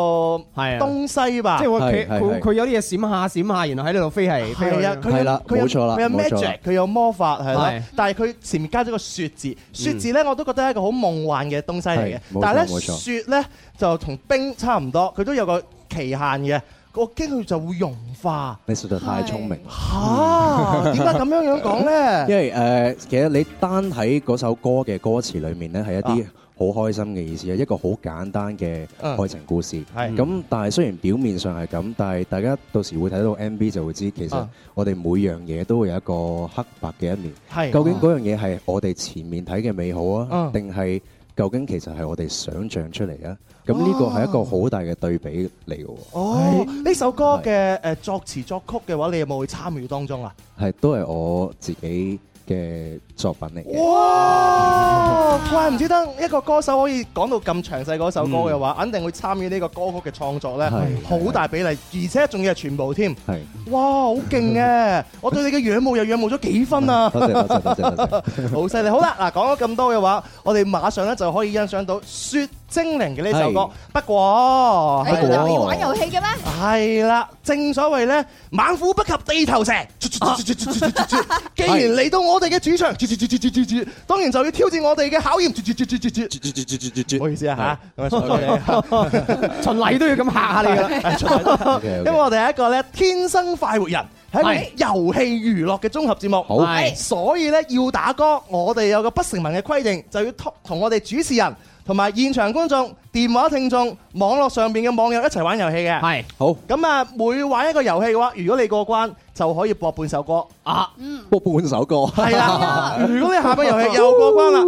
係東西吧，即係佢佢有啲嘢閃下閃下，然後喺呢度飛。係，係啦，冇錯啦，冇錯啦，佢有 magic，佢有魔法，係啦，但係佢前面加咗個雪字，雪字咧，我都覺得係一個好夢幻嘅東西嚟嘅，但係咧雪咧就同冰差唔多，佢都有個期限嘅，個冰佢就會融化。你實在太聰明嚇，點解咁樣樣講咧？因為誒，其實你單喺嗰首歌嘅歌詞裡面咧，係一啲。好開心嘅意思啊！一個好簡單嘅愛情故事。咁但係雖然表面上係咁，但係大家到時會睇到 MV 就會知，其實我哋每樣嘢都會有一個黑白嘅一面。Uh, 究竟嗰樣嘢係我哋前面睇嘅美好啊，定係、uh, 究竟其實係我哋想象出嚟啊？咁呢個係一個好大嘅對比嚟嘅。Uh, oh, 是哦，呢首歌嘅誒作詞作曲嘅話，你有冇去參與當中啊？係都係我自己嘅。作品嚟嘅，哇！怪唔知得一個歌手可以講到咁詳細，嗰首歌嘅話，肯定會參與呢個歌曲嘅創作咧，係好大比例，而且仲要係全部添，係哇，好勁啊，我對你嘅仰慕又仰慕咗幾分啊！多謝多謝多謝，好犀利！好啦，嗱，講咗咁多嘅話，我哋馬上咧就可以欣賞到《雪精靈》嘅呢首歌。不過喺度你可以玩遊戲嘅咩？係啦，正所謂咧，猛虎不及地頭蛇。既然嚟到我哋嘅主場。當然就要挑戰我哋嘅考驗。唔好意思啊，吓是，循例都要咁吓下你。 因為我哋係一個咧天生快活人係遊戲娛樂嘅綜合節目，是 好所以咧要打歌。我哋有個不成文嘅規定，就要同同我哋主持人同埋現場觀眾、電話聽眾、網絡上邊嘅網友一齊玩遊戲嘅。係好咁啊！每玩一個遊戲嘅話，如果你過關。就可以播半首歌啊！播半首歌係啦。如果你下個遊戲又過關啦，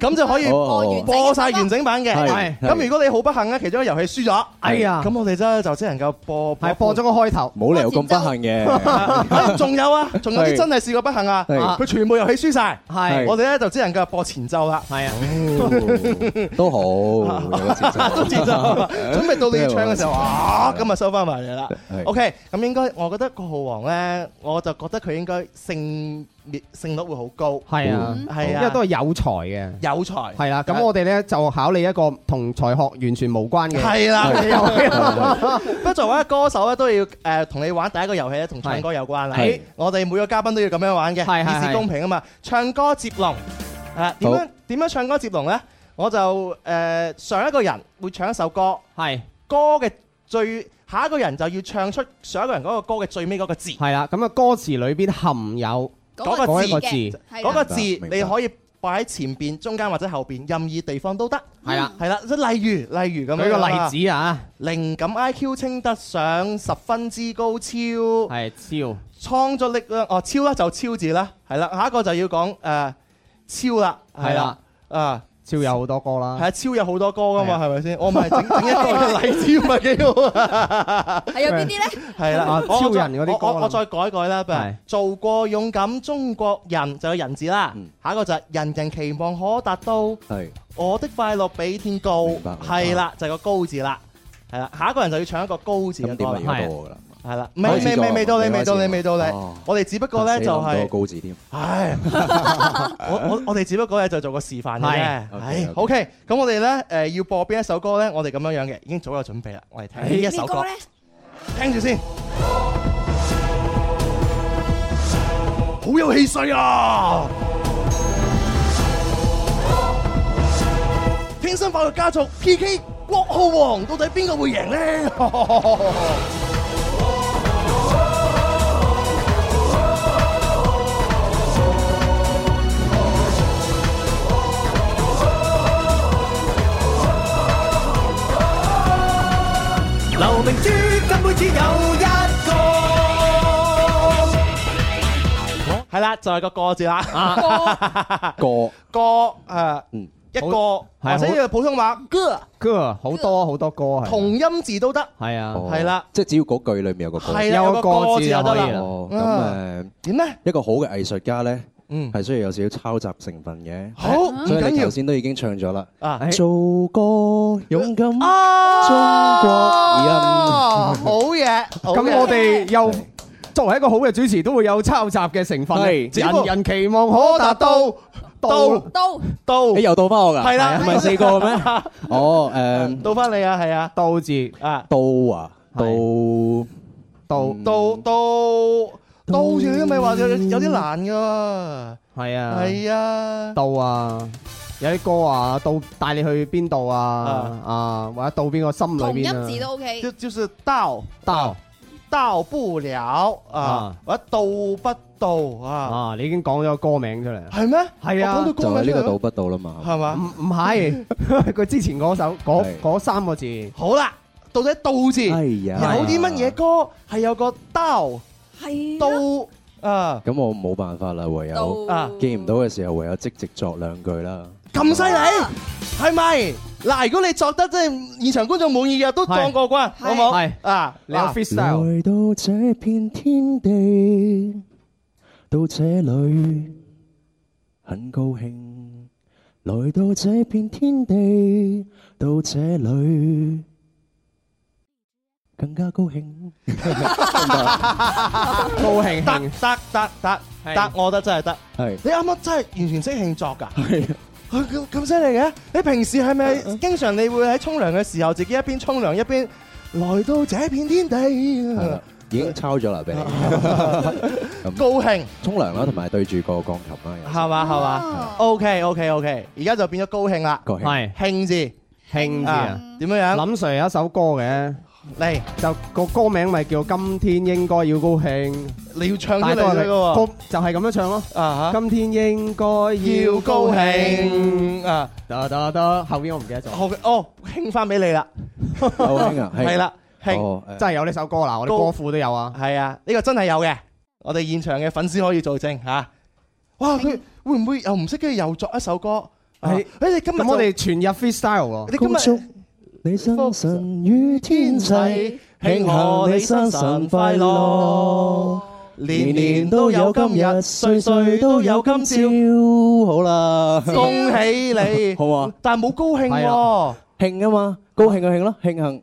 咁就可以播完播晒完整版嘅。係咁，如果你好不幸咧，其中個遊戲輸咗，哎呀！咁我哋真就只能夠播係播咗個開頭。冇理由咁不幸嘅。仲有啊，仲有啲真係試過不幸啊，佢全部遊戲輸晒。係我哋咧就只能夠播前奏啦。係啊，都好，都前奏。準備到你要唱嘅時候，哇！咁啊收翻埋嚟啦。OK，咁應該我覺得個浩皇咧。我就覺得佢應該性勝率會好高，係、嗯、啊，係啊，因為都係有才嘅，有才係啦。咁、啊、我哋咧就考你一個同才學完全無關嘅、嗯，係啦、啊。不過作為歌手咧都要誒同你玩第一個遊戲咧同唱歌有關啦、欸。我哋每個嘉賓都要咁樣玩嘅，以示公平啊嘛。唱歌接龍，誒好，點、啊、樣點樣唱歌接龍咧？我就誒、呃、上一個人會唱一首歌，係歌嘅最。下一個人就要唱出上一個人嗰個歌嘅最尾嗰個字。係啦，咁嘅歌詞裏邊含有嗰個字，嗰個、嗰個字你可以擺喺前邊、的中間或者後邊，任意地方都得。係啦的，係啦、嗯，即係例如，例如咁樣。舉個例子啊，靈感 IQ 稱得上十分之高超。係超。創作力咧，哦，超啦，就超字啦，係啦。下一個就要講誒、呃、超啦，係啦，啊的。嗯超有好多歌啦，係啊，超有好多歌噶嘛，係咪先？我唔係整整一個例子咪幾好？係有邊啲咧？係啦，超人嗰啲，我我再改改啦，不如做過勇敢中國人就有人字啦，下一個就係人人期望可達到，係我的快樂比天高，係啦，就係個高字啦，係啦，下一個人就要唱一個高字咁多，係。係啦，未未未未到你，未到你，未到你，我哋只不過咧就係高字添。係，我我我哋只不過咧就做個示範嘅。係，OK。咁我哋咧，誒，要播邊一首歌咧？我哋咁樣樣嘅，已經早有準備啦。我哋聽呢一首歌，聽住先。好有氣勢啊！天生發育家族 PK 郭浩皇，到底邊個會贏咧？劉明珠根本只有一個，係啦，就係個個字啦，個個誒，一個，所以用普通話，個個好多好多歌係，同音字都得，係啊，係啦，即係只要嗰句裏面有個有個字就可以啦，咁誒，點咧？一個好嘅藝術家咧。嗯，係需要有少少抄襲成分嘅，好，所以你頭先都已經唱咗啦。做個勇敢中國人好嘢。咁我哋又作為一個好嘅主持，都會有抄襲嘅成分。人人期望可達到。到到到，你又到翻我㗎？係啦，唔係四個咩？哦，誒，到翻你啊，係啊，到字啊，到啊，到到。到到。到字都咪話有有啲難噶係啊，係啊，到啊，有啲歌啊，到帶你去邊度啊，啊，或者到邊個心裏面啊，同一字都 OK，就就是到到到不了啊，或者到不到啊，啊，你已經講咗個歌名出嚟，係咩？係啊，就係呢個到不到啦嘛，係嘛？唔唔係，佢之前嗰首嗰嗰三個字，好啦，到底到字，有啲乜嘢歌係有個到？到啊，咁我冇辦法啦，唯有啊見唔到嘅時候，唯有即即作兩句啦。咁犀利係咪？嗱，如果你作得真係現場觀眾滿意嘅，都當過啩好冇？啊，你啊，freestyle。更加高興，高興，得得得得，我覺得真係得。係你啱啱真係完全識慶祝噶，咁咁犀利嘅。你平時係咪經常你會喺沖涼嘅時候，自己一邊沖涼一邊來到這片天地。係啦，已經抄咗啦，俾你高興沖涼啦，同埋對住個鋼琴啦，係嘛係嘛。OK OK OK，而家就變咗高興啦，係興字興字，點樣樣？林 sir 有一首歌嘅。嚟就個歌名咪叫今天應該要高興，你要唱都嚟嘅，就係咁樣唱咯。啊吓，今天應該要高興啊！得得得，後邊我唔記得咗。後邊哦，興翻俾你啦，好興啊！係啦，興真係有呢首歌啦，我哋歌庫都有啊。係啊，呢個真係有嘅，我哋現場嘅粉絲可以做證吓。哇，佢會唔會又唔識嘅又作一首歌？係誒，你今日咁我哋全日 freestyle。你今日？你生辰與天齊，慶賀你生辰快樂，年年都有今日，歲歲都有今朝，好啦了， 恭喜你， 好嘛嗎？但係冇高興、啊，慶啊慶嘛，高興就慶咯，慶幸。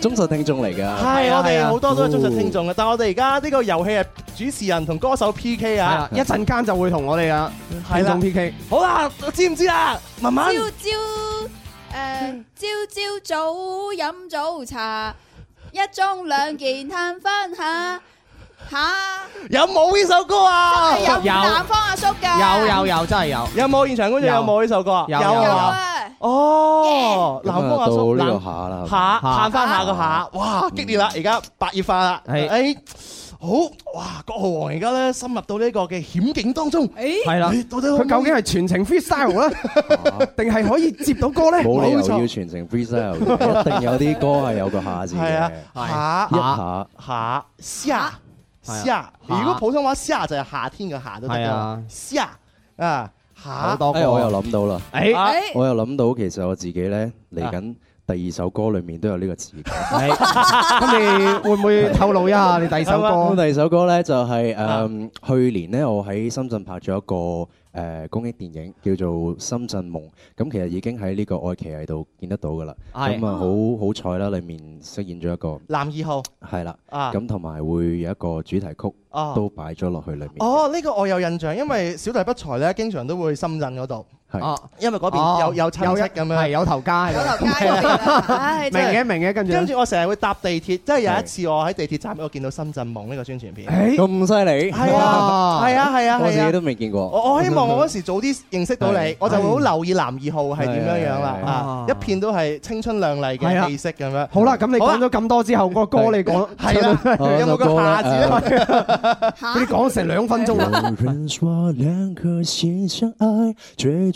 忠實聽眾嚟噶，係我哋好多都係忠實聽眾嘅，哦、但係我哋而家呢個遊戲係主持人同歌手 P K 啊，一陣間就會同我哋啊，係聽眾 P K，是、啊、好啦，知唔知啊？慢慢。朝朝誒、呃，朝朝早飲早茶，一盅兩件嘆翻下。 吓有冇呢首歌啊？有南方阿叔噶，有有有，真係有。有冇現場觀眾有冇呢首歌啊？有啊。哦，南方阿叔，下下嘆翻下個下，哇，激烈啦！而家白熱化啦。係。哎，好哇！郭浩皇而家咧深入到呢個嘅險境當中。係啦。到底佢究竟係全程 freestyle 咧，定係可以接到歌咧？冇理由要全程 freestyle，一定有啲歌係有個下字嘅。下下下下。如果普通話 a 就係夏天嘅夏，都得。夏啊，夏。多哎，我又諗到啦。哎，我又諗到，其實我自己咧，嚟緊第二首歌裏面都有呢個詞。係，咁你會唔會透露一下你第二首歌？ 第二首歌咧就係、是、誒，嗯啊，去年咧我喺深圳拍咗一個。誒、呃、公益電影叫做《深圳夢》，咁、嗯、其實已經喺呢個愛奇藝度見得到㗎啦。咁是啊，好好彩啦，裡面飾演咗一個男二號。係啦了，咁同埋會有一個主題曲都擺咗落去裏面、啊。哦，呢、這個我有印象，因為小弟不才呢，經常都會深圳嗰度。哦，因為嗰邊有有親戚咁樣，係有頭街，有頭街，明嘅明嘅，跟住跟住我成日會搭地鐵，即係有一次我喺地鐵站我見到《深圳夢》呢個宣傳片，咁犀利，係啊係啊係啊，我自己都未見過。我我希望我嗰時早啲認識到你，我就會好留意男二號係點樣樣啦。一片都係青春靚麗嘅氣息，咁樣。好啦，咁你講咗咁多之後，個歌你講，係啊，有冇個牌子，你講成兩分鐘。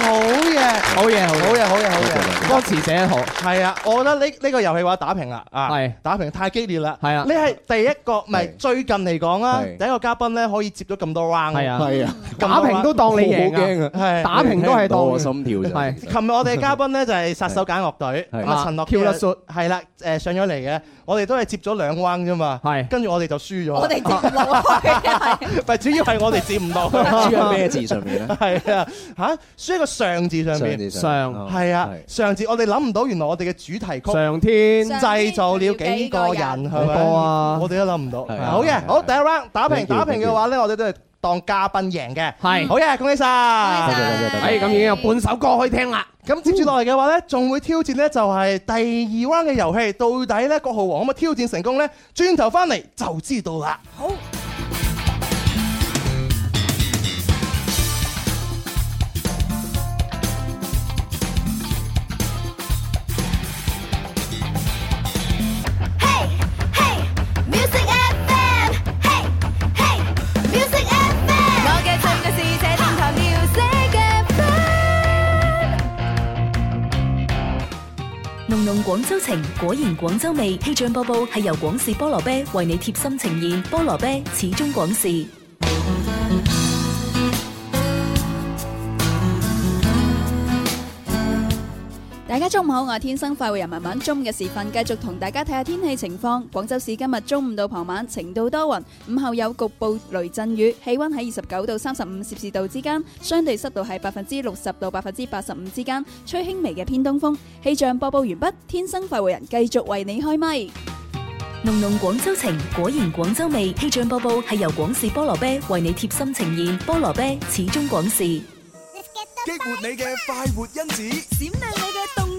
好嘢，好嘢，好嘢，好嘢，好嘢。歌詞寫得好，係啊，我覺得呢呢個遊戲話打平啦啊，係打平太激烈啦，係啊。你係第一個，唔係最近嚟講啊，第一個嘉賓咧可以接咗咁多 round，係啊，係啊，打平都當你贏啊，係打平都係當我心跳。係，琴日我哋嘅嘉賓咧就係殺手鐧樂隊，阿陳樂 Q 阿叔係啦，誒上咗嚟嘅，我哋都係接咗兩 round 啫嘛，係，跟住我哋就輸咗，我哋接兩 round 係，唔係主要係我哋接唔到，咩字上面咧，係啊，吓輸一個。上字上邊，上係啊，上字我哋諗唔到，原來我哋嘅主題曲《上天製造了幾個人》，好播啊，我哋都諗唔到。好嘅，好，第一 round 打平打平嘅話咧，我哋都係當嘉賓贏嘅。係，好嘅，恭喜晒。哎，咁已經有半首歌可以聽啦。咁接住落嚟嘅話咧，仲會挑戰咧，就係第二 round 嘅遊戲，到底咧郭浩皇咁啊挑戰成功咧，轉頭翻嚟就知道啦。好。用廣州情，果然廣州味。氣象播報，係由廣氏菠蘿啤為你貼心呈現。菠蘿啤始終廣氏。大家中午好，我係天生快活人，晚晚中午嘅時分，繼續同大家睇下天氣情況。廣州市今日中午到傍晚晴到多雲，午後有局部雷陣雨。氣溫喺二十九到三十五攝氏度之間，相對濕度係百分之六十到百分之八十五之間，吹輕微嘅偏東風。氣象播報完畢，天生快活人繼續為你開咪。濃濃廣州情，果然廣州味。氣象播報係由廣氏菠蘿啤為你貼心呈現，菠蘿啤始終廣氏。激活你嘅快活因子，閃亮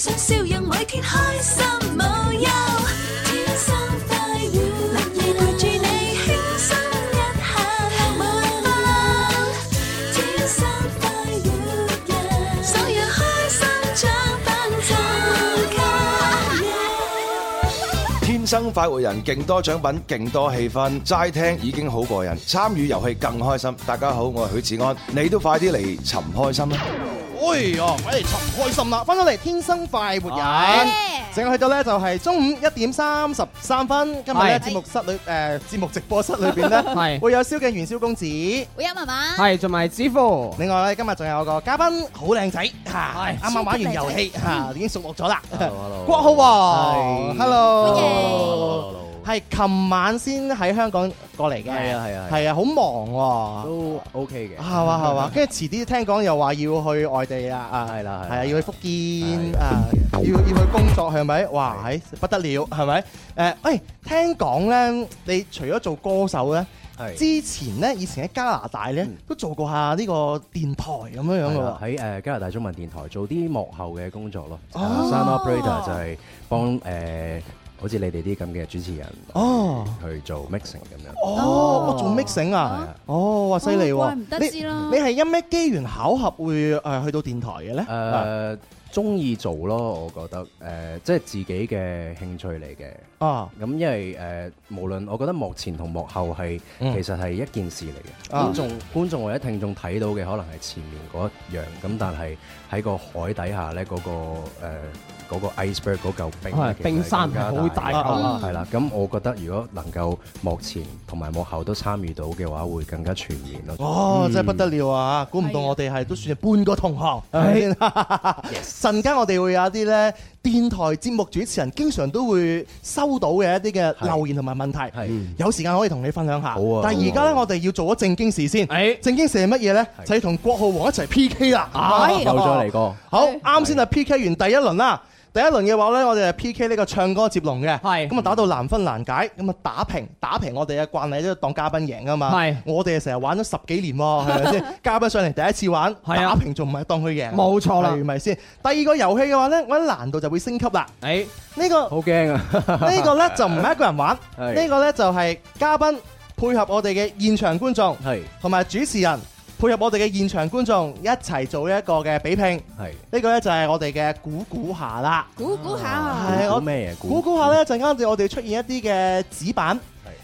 想笑容每天開心無憂，天生快活人，樂陪住你輕鬆一刻，無天生快活人，想讓開心獎品天生快活人，勁多獎品，勁多氣氛，齋聽已經好過癮，參與遊戲更開心。大家好，我係許志安，你都快啲嚟尋開心啦！哎哦，哎，尋開心啦！翻到嚟，天生快活人，成日去到咧就係中午一點三十三分。今日咧，節目室裏誒節目直播室裏邊咧，係會有蕭敬元、蕭公子，會有媽媽，係，仲埋支付。另外咧，今日仲有個嘉賓，好靚仔嚇，啱啱玩完遊戲嚇，已經熟絡咗啦。Hello，郭浩皇，Hello。係琴晚先喺香港過嚟嘅，係啊係啊，係啊好忙喎，都 OK 嘅，係啊係啊，跟住遲啲聽講又話要去外地啦，啊係啦係，係啊要去福建啊，要要去工作係咪？哇，唉，不得了係咪？誒誒，聽講咧，你除咗做歌手咧，係之前咧以前喺加拿大咧都做過下呢個電台咁樣樣喎，喺誒加拿大中文電台做啲幕後嘅工作咯 sound operator 就係幫誒。好似你哋啲咁嘅主持人哦，去做 mixing 咁樣哦，我、哦、做 mixing 啊，哦，哇犀利喎，你你係因咩機緣巧合會誒去到電台嘅咧？誒、呃。啊中意做咯，我覺得誒、呃，即係自己嘅興趣嚟嘅。啊，咁因為誒、呃，無論我覺得幕前同幕後係、嗯、其實係一件事嚟嘅。啊，觀眾是的 觀眾或者聽眾睇到嘅可能係前面嗰樣，咁但係喺個海底下咧嗰、那個誒、呃那個、iceberg 嗰嚿冰冰山好大嚿、嗯嗯、啦，咁我覺得如果能夠幕前同埋幕後都參與到嘅話，會更加全面咯。嗯、哦，真係不得了啊！估唔到我哋係都算係半個同學。陣間我哋會有一啲咧電台節目主持人經常都會收到嘅一啲嘅留言同埋問題，有時間可以同你分享下。好啊、但係而家咧，我哋要做咗正經事先。啊啊、正經事係乜嘢咧？是就係同郭浩皇一齊 PK 啦。又再嚟過。嗎過好，啱先就 PK 完第一輪啦。第一輪嘅話呢，我哋係 P K 呢個唱歌接龍嘅，咁啊是打到難分難解，咁啊打平，打平我哋嘅慣例都當嘉賓贏噶嘛，是我哋成日玩咗十幾年，係咪先？嘉賓上嚟第一次玩，打平仲唔係當佢贏？冇錯啦，係咪先？第二個遊戲嘅話呢，我諗難度就會升級啦。誒、欸，呢、這個好驚啊！呢 個呢就唔係一個人玩，呢是個呢就係嘉賓配合我哋嘅現場觀眾，同埋是主持人。配合我哋嘅現場觀眾一齊做一個嘅比拼，係呢個呢就係我哋嘅估估下啦，估估下係咩嘢？估估下呢一陣間，我哋出現一啲嘅紙板，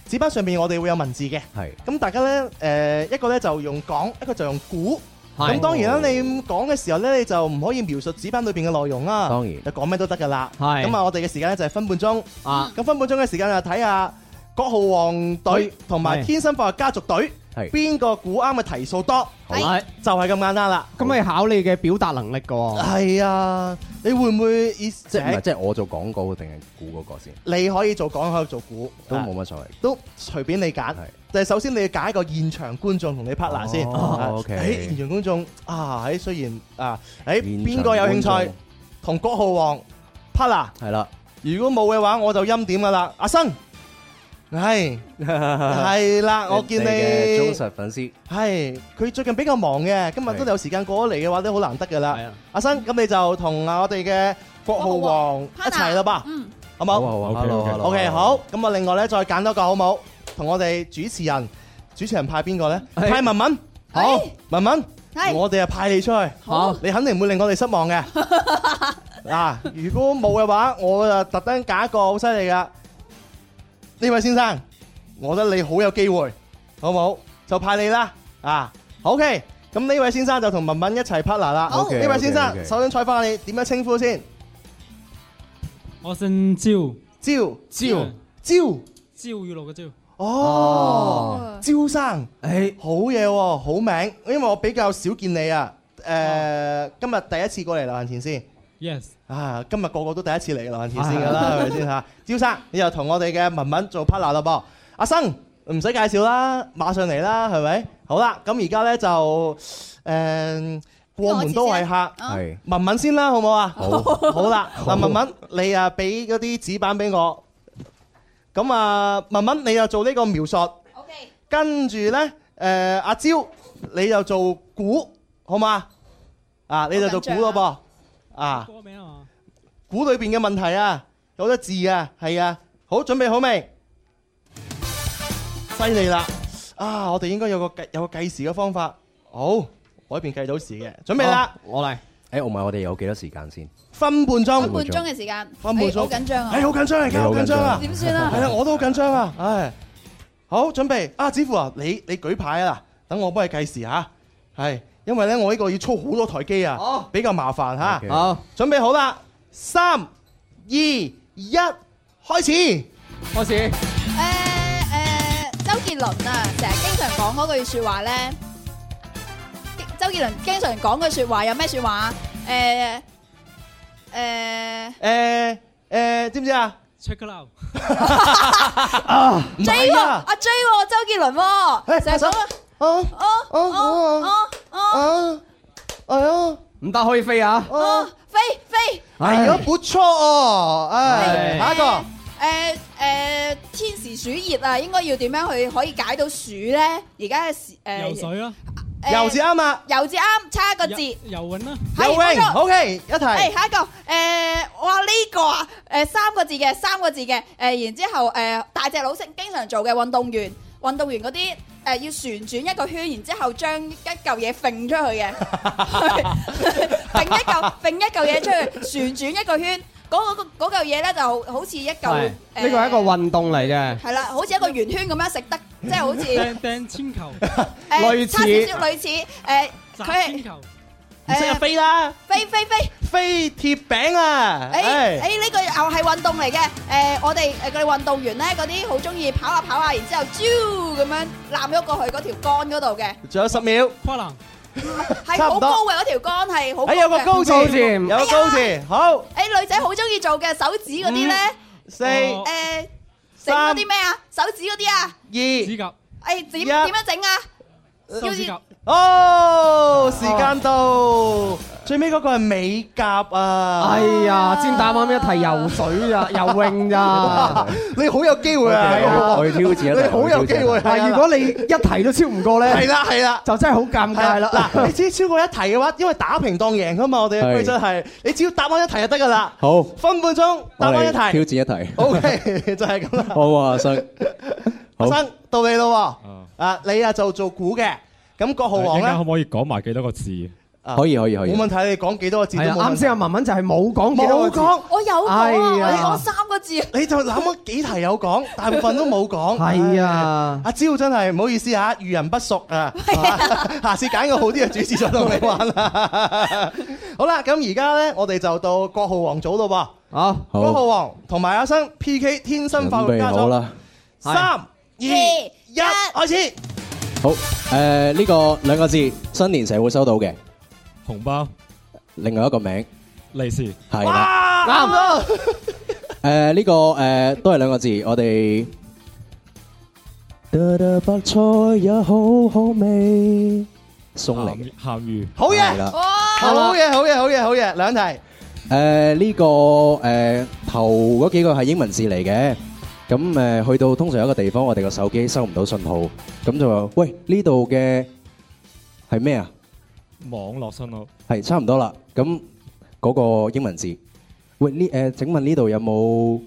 係紙板上面我哋會有文字嘅，係咁大家呢，誒一個呢就用講，一個就用估，咁當然啦，你講嘅時候呢，你就唔可以描述紙板裏邊嘅內容啊，當然，你講咩都得㗎啦，係咁啊，我哋嘅時間呢，就係分半鐘啊，咁分半鐘嘅時間就睇下郭浩皇隊同埋天生快活家族隊。邊個估啱嘅題數多？好，就係咁簡單啦。咁你考你嘅表達能力噶。係啊，你會唔會？即係即係，我做廣告定係估嗰個先？你可以做廣告，可以做估，都冇乜所謂，都隨便你揀。就係首先你要揀一個現場觀眾同你 partner 先。O K。喺現場觀眾啊，喺雖然啊，誒，邊個有興趣同郭浩皇 partner？係啦。如果冇嘅話，我就欽點噶啦。阿生。係係啦，我見你忠實粉絲係佢最近比較忙嘅，今日真係有時間過嚟嘅話都好難得噶啦。阿生，咁你就同啊我哋嘅郭浩皇一齊咯吧，好冇？好 OK，好 OK，好咁啊！另外咧，再揀多個好冇？同我哋主持人，主持人派邊個咧？派文文，好文文，我哋啊派你出去，好你肯定唔會令我哋失望嘅。嗱，如果冇嘅話，我就特登揀一個好犀利噶。呢位先生，我覺得你好有機會，好唔好？就派你啦，啊，OK。咁呢位先生就同文文一齊 partner 啦。呢位先生，首先採訪你，點樣稱呼先？我姓焦，焦，焦，焦，焦，雨露嘅焦！哦，焦生，誒，好嘢，好名。因為我比較少見你啊，誒，今日第一次過嚟流行前線先。yes 啊，今日個個都第一次嚟《流行前線》噶啦，係咪 先吓？招生，你又同我哋嘅文文做 partner 啦，噃、啊、阿生唔使介紹啦，馬上嚟啦，係咪？好啦，咁而家咧就誒、嗯、過門都係客，係、啊嗯、文文先啦，好唔好啊？好，好，好，好啦，嗱好文文，你啊俾嗰啲紙板俾我，咁啊文文，你又做呢個描述，Okay. 跟住咧誒阿招，你就做估，好、啊、嘛？啊，你就做估咯噃。好。啊！歌名係嘛？鼓裏邊嘅問題啊，有得字啊，係啊，好準備好未？犀利啦！啊，我哋應該有個計有個計時嘅方法。好，我呢邊計到時嘅，準備啦、哦來哎，我嚟。誒，唔係我哋有幾多時間先？分半鐘。分半鐘嘅時間。分半鐘。好緊張啊！哎，好緊張嚟噶，好緊張啊！點算啊？係啊，我都好緊張啊！唉，好準備。啊，子富啊，你你，你，你舉牌你啊啦，等我幫你計時吓，係。因為咧，我呢個要操好多台機啊，oh. 比較麻煩吓。好，Okay. 準備好啦，三、二、一，開始，開始。誒誒、欸欸，周杰倫啊，成日經常講嗰句說話咧。周杰倫經常講句說話有咩說話？誒誒誒誒，知唔知啊？Check out！w J，阿、啊、J，、啊、周杰倫、啊，成日。欸哦哦哦哦哦哦！係啊，唔得可以飛啊！哦，飛飛！哎呀，不錯哦！哎，下一個，誒誒，天時暑熱啊，應該要點樣去可以解到暑咧？而家誒，游水啊，游字啱啊，游字啱，差一個字，游泳啊，游泳，OK，一題。誒，下一個，誒，哇呢個啊，誒三個字嘅，三個字嘅，誒然之後誒大隻佬成經常做嘅運動員，運動員嗰啲。誒、呃、要旋轉一個圈，然之後將一嚿嘢揈出去嘅，揈 一嚿揈一嚿嘢出去，旋轉一個圈，嗰、那個嗰嚿嘢咧就好似一嚿誒，呢個的、呃、一個運動嚟嘅，係啦，好似一個圓圈咁樣食得，即係 好似掟掟鉛球，呃、類似、呃、類似誒，佢、呃、係。識啊，飛啦，飛飛飛飛鐵餅啊！誒誒，呢個又係運動嚟嘅。誒，我哋誒，佢哋運動員咧，嗰啲好中意跑下跑下，然之後 jump 咁樣攬咗過去嗰條杆嗰度嘅。仲有十秒，跨欄係好高嘅，嗰條杆係好高嘅。有個高字，有高字，好。誒，女仔好中意做嘅手指嗰啲咧。四誒，整嗰啲咩啊？手指嗰啲啊。二。指甲。誒，點點樣整啊？手指。哦，時間到，最尾嗰個係美甲啊！哎呀，先答翻一題游水咋，游泳咋，你好有機會啊！好，落去挑戰，你好有機會。嗱，如果你一題都超唔過咧，係啦係啦，就真係好尷尬啦。嗱，你只要超過一題嘅話，因為打平當贏噶嘛，我哋真係，你只要答翻一題就得噶啦。好，分半鐘答翻一題，挑戰一題。O K，就係咁啦。好啊，生，生到你咯。啊，你啊就做估嘅。咁郭浩皇咧，可唔可以講埋幾多個字？可以，可以，可以。冇問題，你講幾多個字都冇問題。啱先啊，文文就係冇講幾多個字。冇講，我有講。你講三個字。你就諗咗幾題有講，大部分都冇講。係啊，阿蕉真係唔好意思吓，遇人不淑啊。係啊。下次揀個好啲嘅主持再同你玩啦。好啦，咁而家咧，我哋就到郭浩皇組咯噃。啊，郭浩皇同埋阿生 PK 天生發育加速。準備好啦，三、二、一，開始。好，誒呢個兩個字，新年社會收到嘅紅包，另外一個名利是係啦，啱唔啱？誒呢個誒都係兩個字，我哋特特白菜也好好味，送你咸魚，好嘢啦，好嘢好嘢好嘢好嘢，兩題，誒呢個誒頭嗰幾個係英文字嚟嘅。咁誒去到通常有一個地方，我哋個手機收唔到信號，咁就話喂呢度嘅係咩啊？網絡信號係差唔多啦。咁嗰個英文字，喂呢誒？請問呢度有冇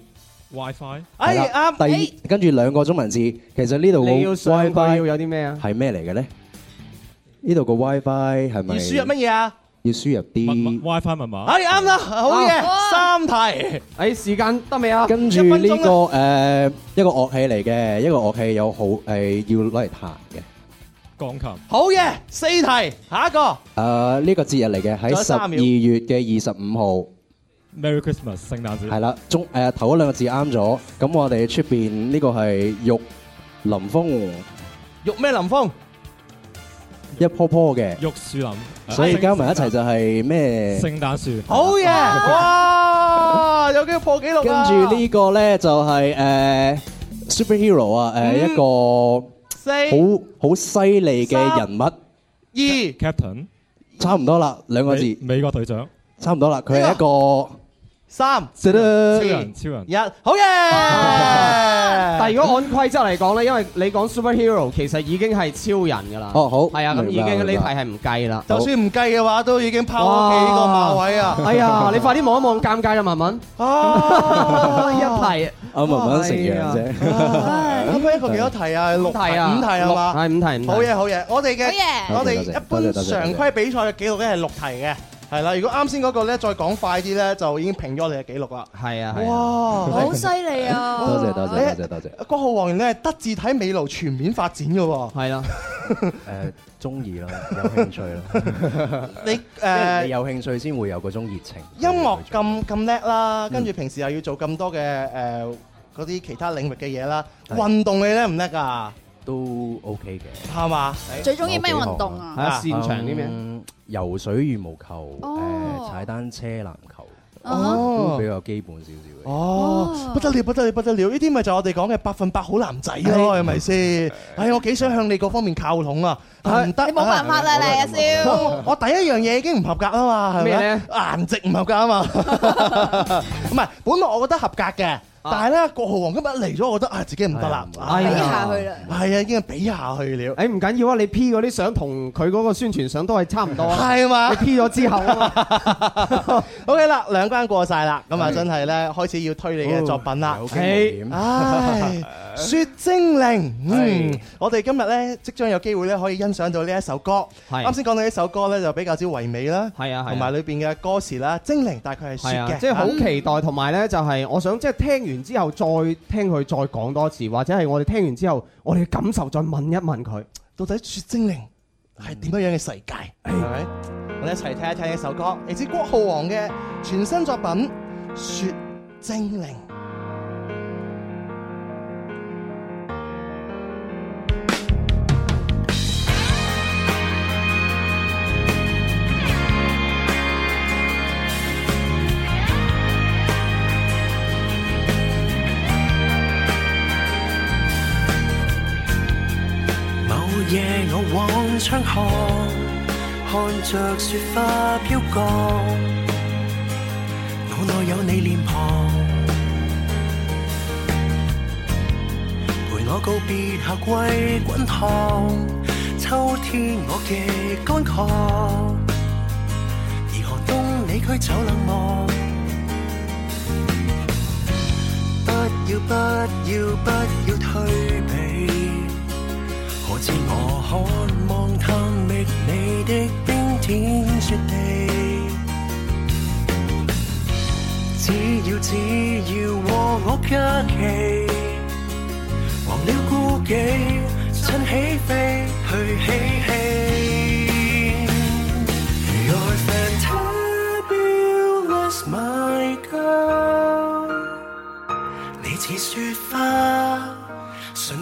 WiFi？係啱。第二跟住兩個中文字，其實呢度個 WiFi 要有啲咩啊？係咩嚟嘅咧？呢度個 WiFi 係咪？要輸入乜嘢啊？要輸入啲 WiFi 密碼。哎，啱啦，好嘢，三題。哎，時間得未啊？跟住呢個誒，一個樂器嚟嘅，一個樂器有好誒，要攞嚟彈嘅鋼琴。好嘢，四題下一個。誒，呢個節日嚟嘅喺十二月嘅二十五號。Merry Christmas，聖誕節。係啦，中誒頭嗰兩個字啱咗。咁我哋出邊呢個係玉林峰，玉咩林峰？一棵棵嘅玉樹林，所以加埋一齊就係咩？聖誕樹。好嘢！哇哇，有機會破紀錄。跟住呢個咧就係誒 superhero 啊，誒一個好好犀利嘅人物。二 Captain，差唔多啦，兩個字。美國隊長，差唔多啦，佢係一個。三，超人，超人，一，好嘢！但係如果按規則嚟講咧，因為你講 superhero 其實已經係超人噶啦。哦，好。係啊，咁已經呢題係唔計啦。就算唔計嘅話，都已經拋咗幾個馬位啊。哎啊！你快啲望一望，尷尬喇文文。啊，一題。啊，文文食羊啫。咁佢一個幾多題啊？六題啊？五題啊？係嘛？係五題。好嘢，好嘢。我哋嘅，我哋一般常規比賽嘅記錄咧係六題嘅。係啦，如果啱先嗰個咧再講快啲咧，就已經平咗你嘅記錄啦。係啊，係、啊、哇，好犀利啊 多！多謝多謝多謝多謝。郭、欸、浩皇咧，德智體美勞全面發展噶喎。係啦，誒中意啦，有興趣啦。 你誒、呃、有興趣先會有嗰種熱情。音樂咁咁叻啦，跟住平時又要做咁多嘅誒嗰啲其他領域嘅嘢啦。的運動你叻唔叻啊？都 OK 嘅，係嘛？最中意咩運動啊？係啊，擅長啲咩？游水、羽毛球、踩單車、籃球，都比較基本少少嘅。哦，不得了，不得了，不得了！呢啲咪就我哋講嘅百分百好男仔咯，係咪先？唉，我幾想向你各方面靠攏啊，但唔得。你冇辦法啦，你日少。我第一樣嘢已經唔合格啊嘛，係咪？顏值唔合格啊嘛，唔係，本來我覺得合格嘅。但係咧，郭浩皇今日嚟咗，我覺得啊，自己唔得啦，比下去啦，係啊，已經比下去了。誒，唔緊要啊，你 P 嗰啲相同佢嗰個宣傳相都係差唔多，係嘛？你 P 咗之後啊嘛。OK 啦，兩關過晒啦，咁啊，真係咧開始要推你嘅作品啦。OK，唉，雪精靈，嗯，我哋今日咧即將有機會咧可以欣賞到呢一首歌。啱先講到呢首歌咧就比較之唯美啦。係啊，同埋裏邊嘅歌詞啦，精靈大概係雪嘅，即係好期待。同埋咧就係我想即係聽完。完之後再聽佢再講多次，或者係我哋聽完之後，我哋嘅感受再問一問佢，到底雪精靈係點樣嘅世界？係咪、嗯哎？我哋一齊聽一聽呢首歌，嚟自郭浩皇嘅全新作品《雪精靈》。望窗看，看着雪花飄降，腦內有你臉龐。陪我告別夏季滾燙，秋天我極乾渴。而寒冬你驅走冷漠，不要不要不要退避。知我渴望探覓你的冰天雪地，只要只要和我假期，忘了顧忌，趁起飛去嬉戲。You're fabulous, my girl，你似雪花。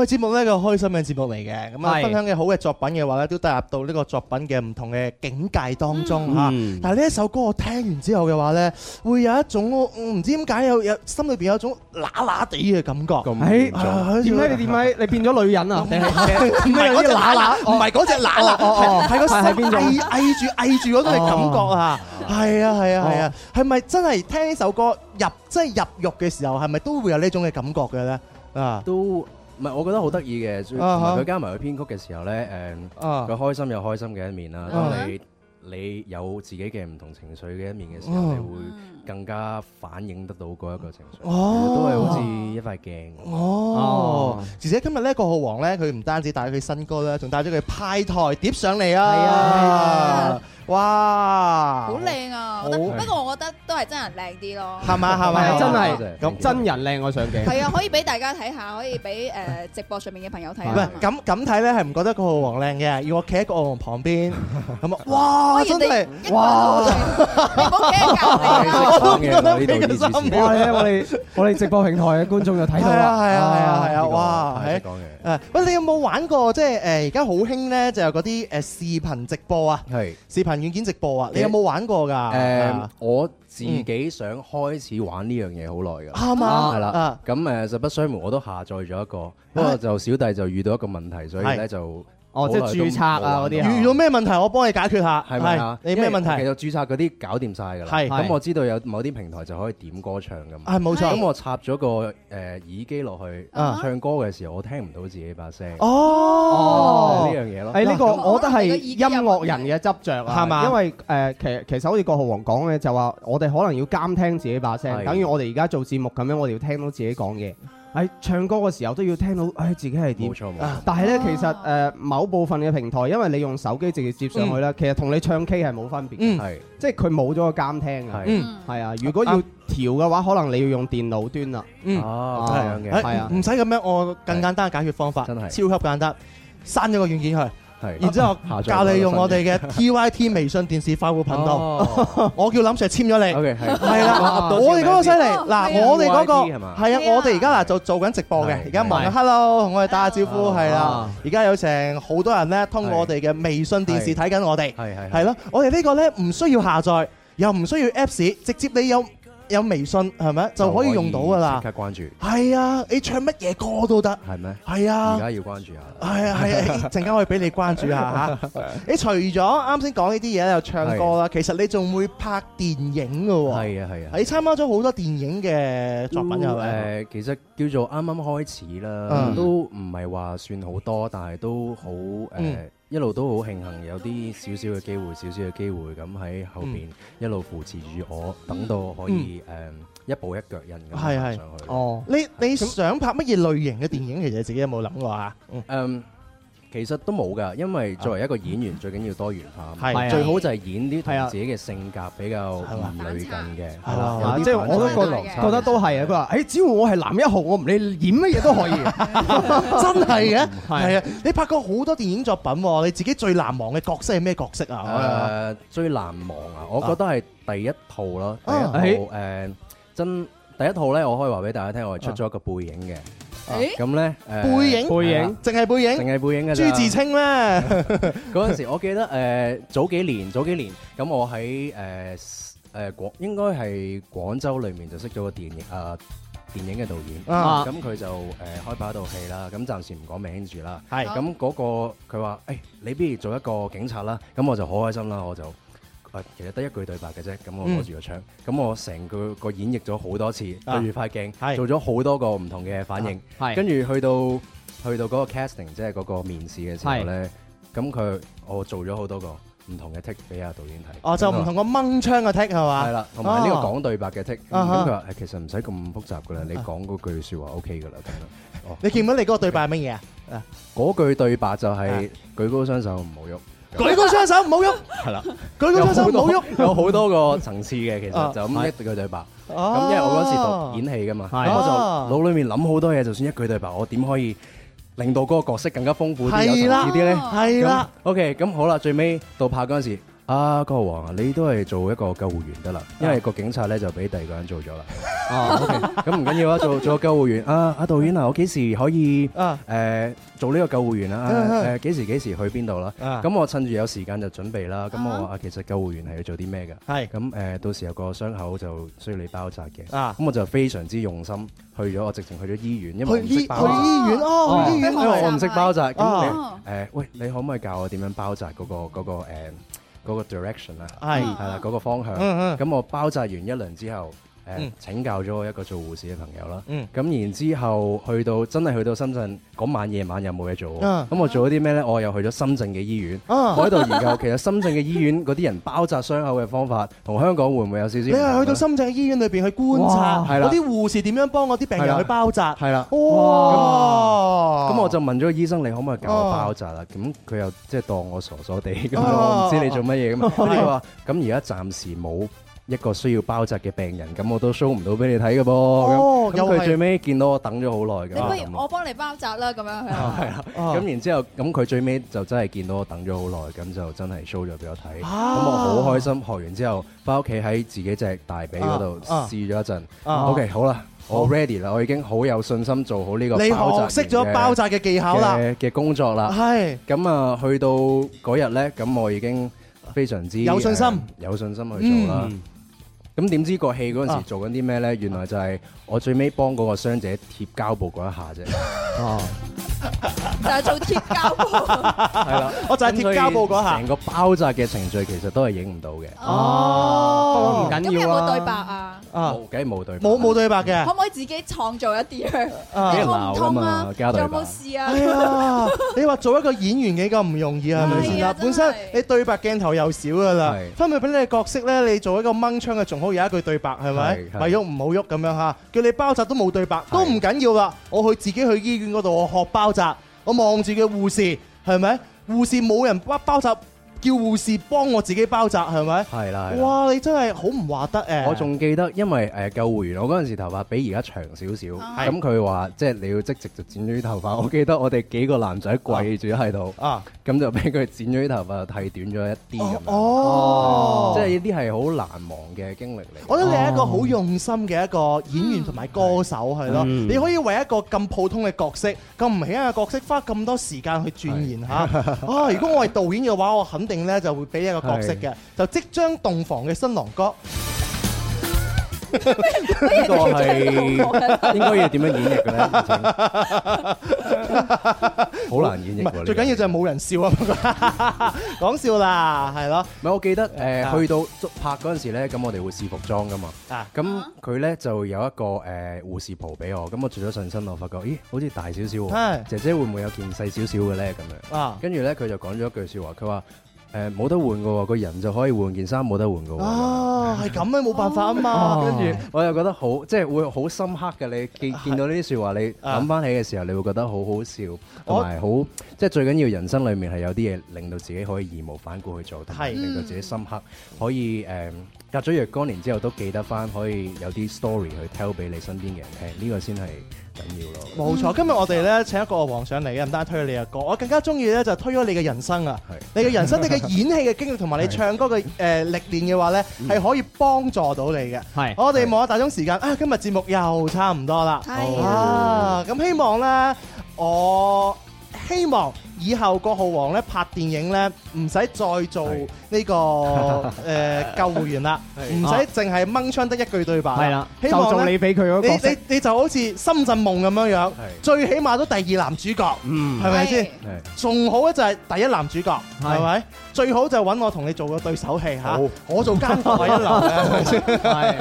個節目咧個開心嘅節目嚟嘅，咁啊分享嘅好嘅作品嘅話咧，都帶入到呢個作品嘅唔同嘅境界當中嚇。但係呢一首歌我聽完之後嘅話咧，會有一種唔知點解有有心裏邊有一種乸乸地嘅感覺。邊種？點解你點解你變咗女人啊？唔係嗰隻乸乸，唔係嗰隻乸乸，係個係邊種？係住係住嗰種嘅感覺啊！係啊係啊係啊！係咪真係聽呢首歌入即係入獄嘅時候，係咪都會有呢種嘅感覺嘅咧？啊都。唔係，我覺得好得意嘅，同埋佢加埋佢編曲嘅時候咧，誒、嗯，佢、uh huh. 開心有開心嘅一面啦。當你你有自己嘅唔同情緒嘅一面嘅時候，uh huh. 你會。更加反映得到嗰一個情緒，都係好似一塊鏡。哦，而且今日咧，郭浩皇咧，佢唔單止帶咗佢新歌咧，仲帶咗佢派台碟上嚟啊！係啊，哇，好靚啊！好，不過我覺得都係真人靚啲咯。係嘛？係嘛？真係咁真人靚過上鏡。係啊，可以俾大家睇下，可以俾誒直播上面嘅朋友睇下。唔係咁咁睇咧，係唔覺得郭浩皇靚嘅？要我企喺郭浩皇旁邊咁啊？哇！真係哇！你幫我一教下。講嘅呢個直播咧，我哋我哋直播平台嘅觀眾就睇到啦，係啊係啊係啊，哇！誒，喂，你有冇玩過即係誒而家好興咧，就有嗰啲誒視頻直播啊，係視頻軟件直播啊，你有冇玩過噶誒，我自己想開始玩呢樣嘢好耐噶，啱啊，係啦，咁誒實不相瞞，我都下載咗一個，不過就小弟就遇到一個問題，所以咧就。哦，即係註冊啊嗰啲，啊？遇到咩問題我幫你解決下，係嘛？你咩問題？其實註冊嗰啲搞掂晒㗎啦。係，咁我知道有某啲平台就可以點歌唱㗎嘛。係冇錯。咁我插咗個誒耳機落去，啊唱歌嘅時候我聽唔到自己把聲。哦，呢樣嘢咯。喺呢個，我覺得係音樂人嘅執着啊。係嘛？因為誒，其實其實好似郭浩皇講嘅，就話我哋可能要監聽自己把聲，等於我哋而家做節目咁樣，我哋要聽到自己講嘢。喺唱歌嘅時候都要聽到，唉自己係點？冇錯冇錯。但係咧，其實誒某部分嘅平台，因為你用手機直接接上去啦，其實同你唱 K 係冇分別嘅，係即係佢冇咗個監聽啊。嗯，係啊。如果要調嘅話，可能你要用電腦端啦。哦，咁樣嘅。係啊，唔使咁樣，我更簡單嘅解決方法，真係超級簡單，刪咗個軟件去。係，然之後教你用我哋嘅 T Y T 微信電視快活頻道，我叫林 Sir 簽咗你，係啦，我哋嗰個犀利，嗱我哋嗰個係啊，我哋而家嗱就做緊直播嘅，而家問 Hello 同我哋打下招呼係啊，而家有成好多人咧通過我哋嘅微信電視睇緊我哋，係係，係咯，我哋呢個咧唔需要下載，又唔需要 Apps，直接你有。有微信係咪？就可以用到噶啦！即刻關注。係啊，你唱乜嘢歌都得。係咪？係啊。而家要關注下。係啊係啊，陣間可以俾你關注下嚇。你除咗啱先講呢啲嘢又唱歌啦，其實你仲會拍電影噶喎。係啊係啊，你參加咗好多電影嘅作品嘅。誒，其實叫做啱啱開始啦，都唔係話算好多，但係都好誒。一路都好慶幸，有啲少少嘅機會，少少嘅機會咁喺後邊、嗯、一路扶持住我，等到可以誒、嗯 um, 一步一腳印咁上去。係係哦，係你你想拍乜嘢類型嘅電影？嗯、其實自己有冇諗過啊？嗯。Um, 其實都冇噶，因為作為一個演員，最緊要多元化，最好就係演啲同自己嘅性格比較唔類近嘅，係啦，有啲反差。我都覺得得都係啊！佢話，誒，只要我係男一號，我唔理演乜嘢都可以，真係嘅。係啊，你拍過好多電影作品喎，你自己最難忘嘅角色係咩角色啊？誒，最難忘啊，我覺得係第一套啦，第一套誒真第一套咧，我可以話俾大家聽，我係出咗一個背影嘅。咁咧，背影背影，淨係背影，淨係背影噶啫。朱自清咧，嗰陣時我記得，誒，早幾年，早幾年，咁我喺誒誒廣，應該係廣州裏面就識咗個電影啊電影嘅導演，咁佢就誒開拍一套戲啦，咁暫時唔講名住啦。係，咁嗰個佢話，誒，你不如做一個警察啦，咁我就好開心啦，我就。其實得一句對白嘅啫，咁我攞住個槍，咁我成個個演繹咗好多次，對住塊鏡，做咗好多個唔同嘅反應，跟住去到去到嗰個 casting，即係嗰個面試嘅時候咧，咁佢我做咗好多個唔同嘅 take 俾阿導演睇，哦，就唔同個掹槍嘅 take 係嘛，係啦，同埋呢個講對白嘅 take，咁佢話其實唔使咁複雜噶啦，你講句説話 OK 噶啦，你見唔見你嗰個對白係乜嘢啊？嗰句對白就係舉高雙手唔好喐。舉高雙手唔好喐，係啦，舉高雙手唔好喐，有好多個層次嘅，其實就咁一句對白，咁因為我嗰時讀演戲噶嘛，咁我就腦裏面諗好多嘢，就算一句對白，我點可以令到嗰個角色更加豐富啲、有層次啲咧？係啦，OK，咁好啦，最尾到拍嗰時。啊，國王啊，你都係做一個救護員得啦，因為個警察咧就俾第二個人做咗啦。啊，OK，咁唔緊要啊，做做個救護員。啊，阿導演啊，我幾時可以誒做呢個救護員啊？誒幾時幾時去邊度啦？咁我趁住有時間就準備啦。咁我啊，其實救護員係要做啲咩㗎？係咁誒，到時有個傷口就需要你包紮嘅。啊，咁我就非常之用心去咗，我直情去咗醫院，因為唔識包啊。去醫院哦，去醫院，因為我唔識包紮。咁誒，喂，你可唔可以教我點樣包紮嗰個嗰嗰個 direction 啦，係係啦，嗰個方向。咁 我包紮完一輪之後。請教咗我一個做護士嘅朋友啦，咁然之後去到真係去到深圳嗰晚夜晚又冇嘢做，咁我做咗啲咩呢？我又去咗深圳嘅醫院，我喺度研究，其實深圳嘅醫院嗰啲人包紮傷口嘅方法，同香港會唔會有少少？你去到深圳嘅醫院裏邊去觀察，係啦，啲護士點樣幫我啲病人去包紮？係啦，哇！咁我就問咗個醫生，你可唔可以教我包紮啦？咁佢又即係當我傻傻地，咁我唔知你做乜嘢噶嘛？佢話咁而家暫時冇。一個需要包紮嘅病人，咁我都 show 唔到俾你睇嘅噃。哦，咁佢最尾見到我等咗好耐嘅。你不如我幫你包紮啦，咁樣係啦。係啦，咁然之後，咁佢最尾就真係見到我等咗好耐，咁就真係 show 咗俾我睇。啊，咁我好開心，學完之後翻屋企喺自己隻大髀嗰度試咗一陣。啊，OK，好啦，我 ready 啦，我已經好有信心做好呢個包紮嘅，你學識咗包紮嘅技巧啦，嘅工作啦。係。咁啊，去到嗰日咧，咁我已經非常之有信心，有信心去做啦。咁點知個戲嗰陣時，啊、做緊啲咩咧？原來就係我最尾幫嗰個傷者貼膠布嗰一下啫、啊。 就係做貼膠布，係啦，我就係貼膠布嗰下，成個包紮嘅程序其實都係影唔到嘅。哦，都唔緊要啦。咁有冇對白啊？啊，冇嘅，冇對白，冇冇對白嘅。可唔可以自己創造一啲去？你鬧啊？有冇試啊？你話做一個演員幾咁唔容易啊？係咪先啦？本身你對白鏡頭又少㗎啦，分配俾你角色咧，你做一個掹槍嘅，仲好有一句對白，係咪？咪喐唔好喐咁樣吓，叫你包紮都冇對白，都唔緊要啦。我去自己去醫院嗰度學包。我望住嘅護士係咪？護士冇人包，包紮，叫護士幫我自己包紮係咪？係啦。哇，你真係好唔話得誒！我仲記得，因為誒救護員，我嗰陣時頭髮比而家長少少，咁佢話即係你要即即就剪咗啲頭髮。我記得我哋幾個男仔跪住喺度。啊啊咁就俾佢剪咗啲頭髮，剃短咗一啲。哦，哦，即係呢啲係好難忘嘅經歷嚟。我覺得你係一個好用心嘅一個演員同埋歌手係咯。你可以為一個咁普通嘅角色、咁唔起眼嘅角色花咁多時間去鑽研吓。是的 啊，如果我係導演嘅話，我肯定呢就會俾一個角色嘅，的就即將洞房嘅新郎哥。呢個係應該要點樣演繹嘅咧？好 難演繹喎！不最緊要就係冇人笑啊！講笑啦，係咯。唔係我記得誒，啊、去到拍嗰陣時咧，咁我哋會試服裝噶嘛。咁佢咧就有一個誒護士袍俾我，咁我除咗上身我發覺，咦，好似大少少喎。是姐姐會唔會有件細少少嘅咧？咁樣。跟住咧，佢就講咗一句說話，佢話。誒冇、呃、得換㗎喎，個人就可以換件衫，冇得換㗎喎。啊，係咁、嗯、啊，冇辦法啊嘛。跟住、啊啊、我又覺得好，即係會好深刻嘅。你見是見到呢啲説話，你諗翻起嘅時候，是你會覺得好好笑，同埋好即係最緊要人生裡面係有啲嘢令到自己可以義無反顧去做，令到自己深刻，可以誒、嗯、隔咗若干年之後都記得翻，可以有啲 story 去 tell 俾你身邊嘅人聽。呢、呢個先係。冇錯，嗯、今日我哋咧請一個皇上嚟嘅，唔單推咗你嘅歌，我更加中意咧就推咗你嘅人生啊！你嘅人生，是你嘅 演戲嘅經歷同埋你唱歌嘅誒歷練嘅話咧，係可以幫助到你嘅。係是，我哋望下大鐘時間啊，今日節目又差唔多啦。係、哎呀哦、啊，咁希望咧，我希望。以後郭浩皇咧拍電影咧，唔使再做呢、這個誒、 呃、救護員啦，唔使淨係掹槍得一句對白。係啦的，希望咧你俾佢嗰個角色，你你你就好似《深圳夢》咁樣樣，的最起碼都第二男主角，係咪先？仲吧的好咧就係第一男主角，係咪？最好就揾我同你做個對手戲嚇好、啊，我做奸角一流嘅，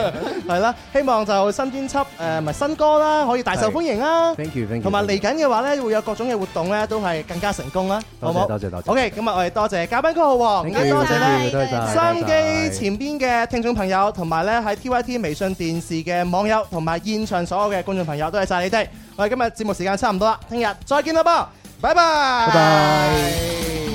係啦。希望就新專輯誒，唔、呃、係新歌啦，可以大受歡迎啦。Thank you，同埋嚟緊嘅話咧，會有各種嘅活動咧，都係更加成功啦，謝謝好唔好？多謝多謝。謝謝 OK，咁啊，我哋多謝，謝嘉賓郭浩皇。好謝，唔該多謝咧謝。收音謝機前邊嘅聽眾朋友，同埋咧喺 T Y T 微信電視嘅網友，同埋現場所有嘅觀眾朋友，多謝晒你哋。我哋今日節目時間差唔多啦，聽日再見啦噃，拜拜。Bye.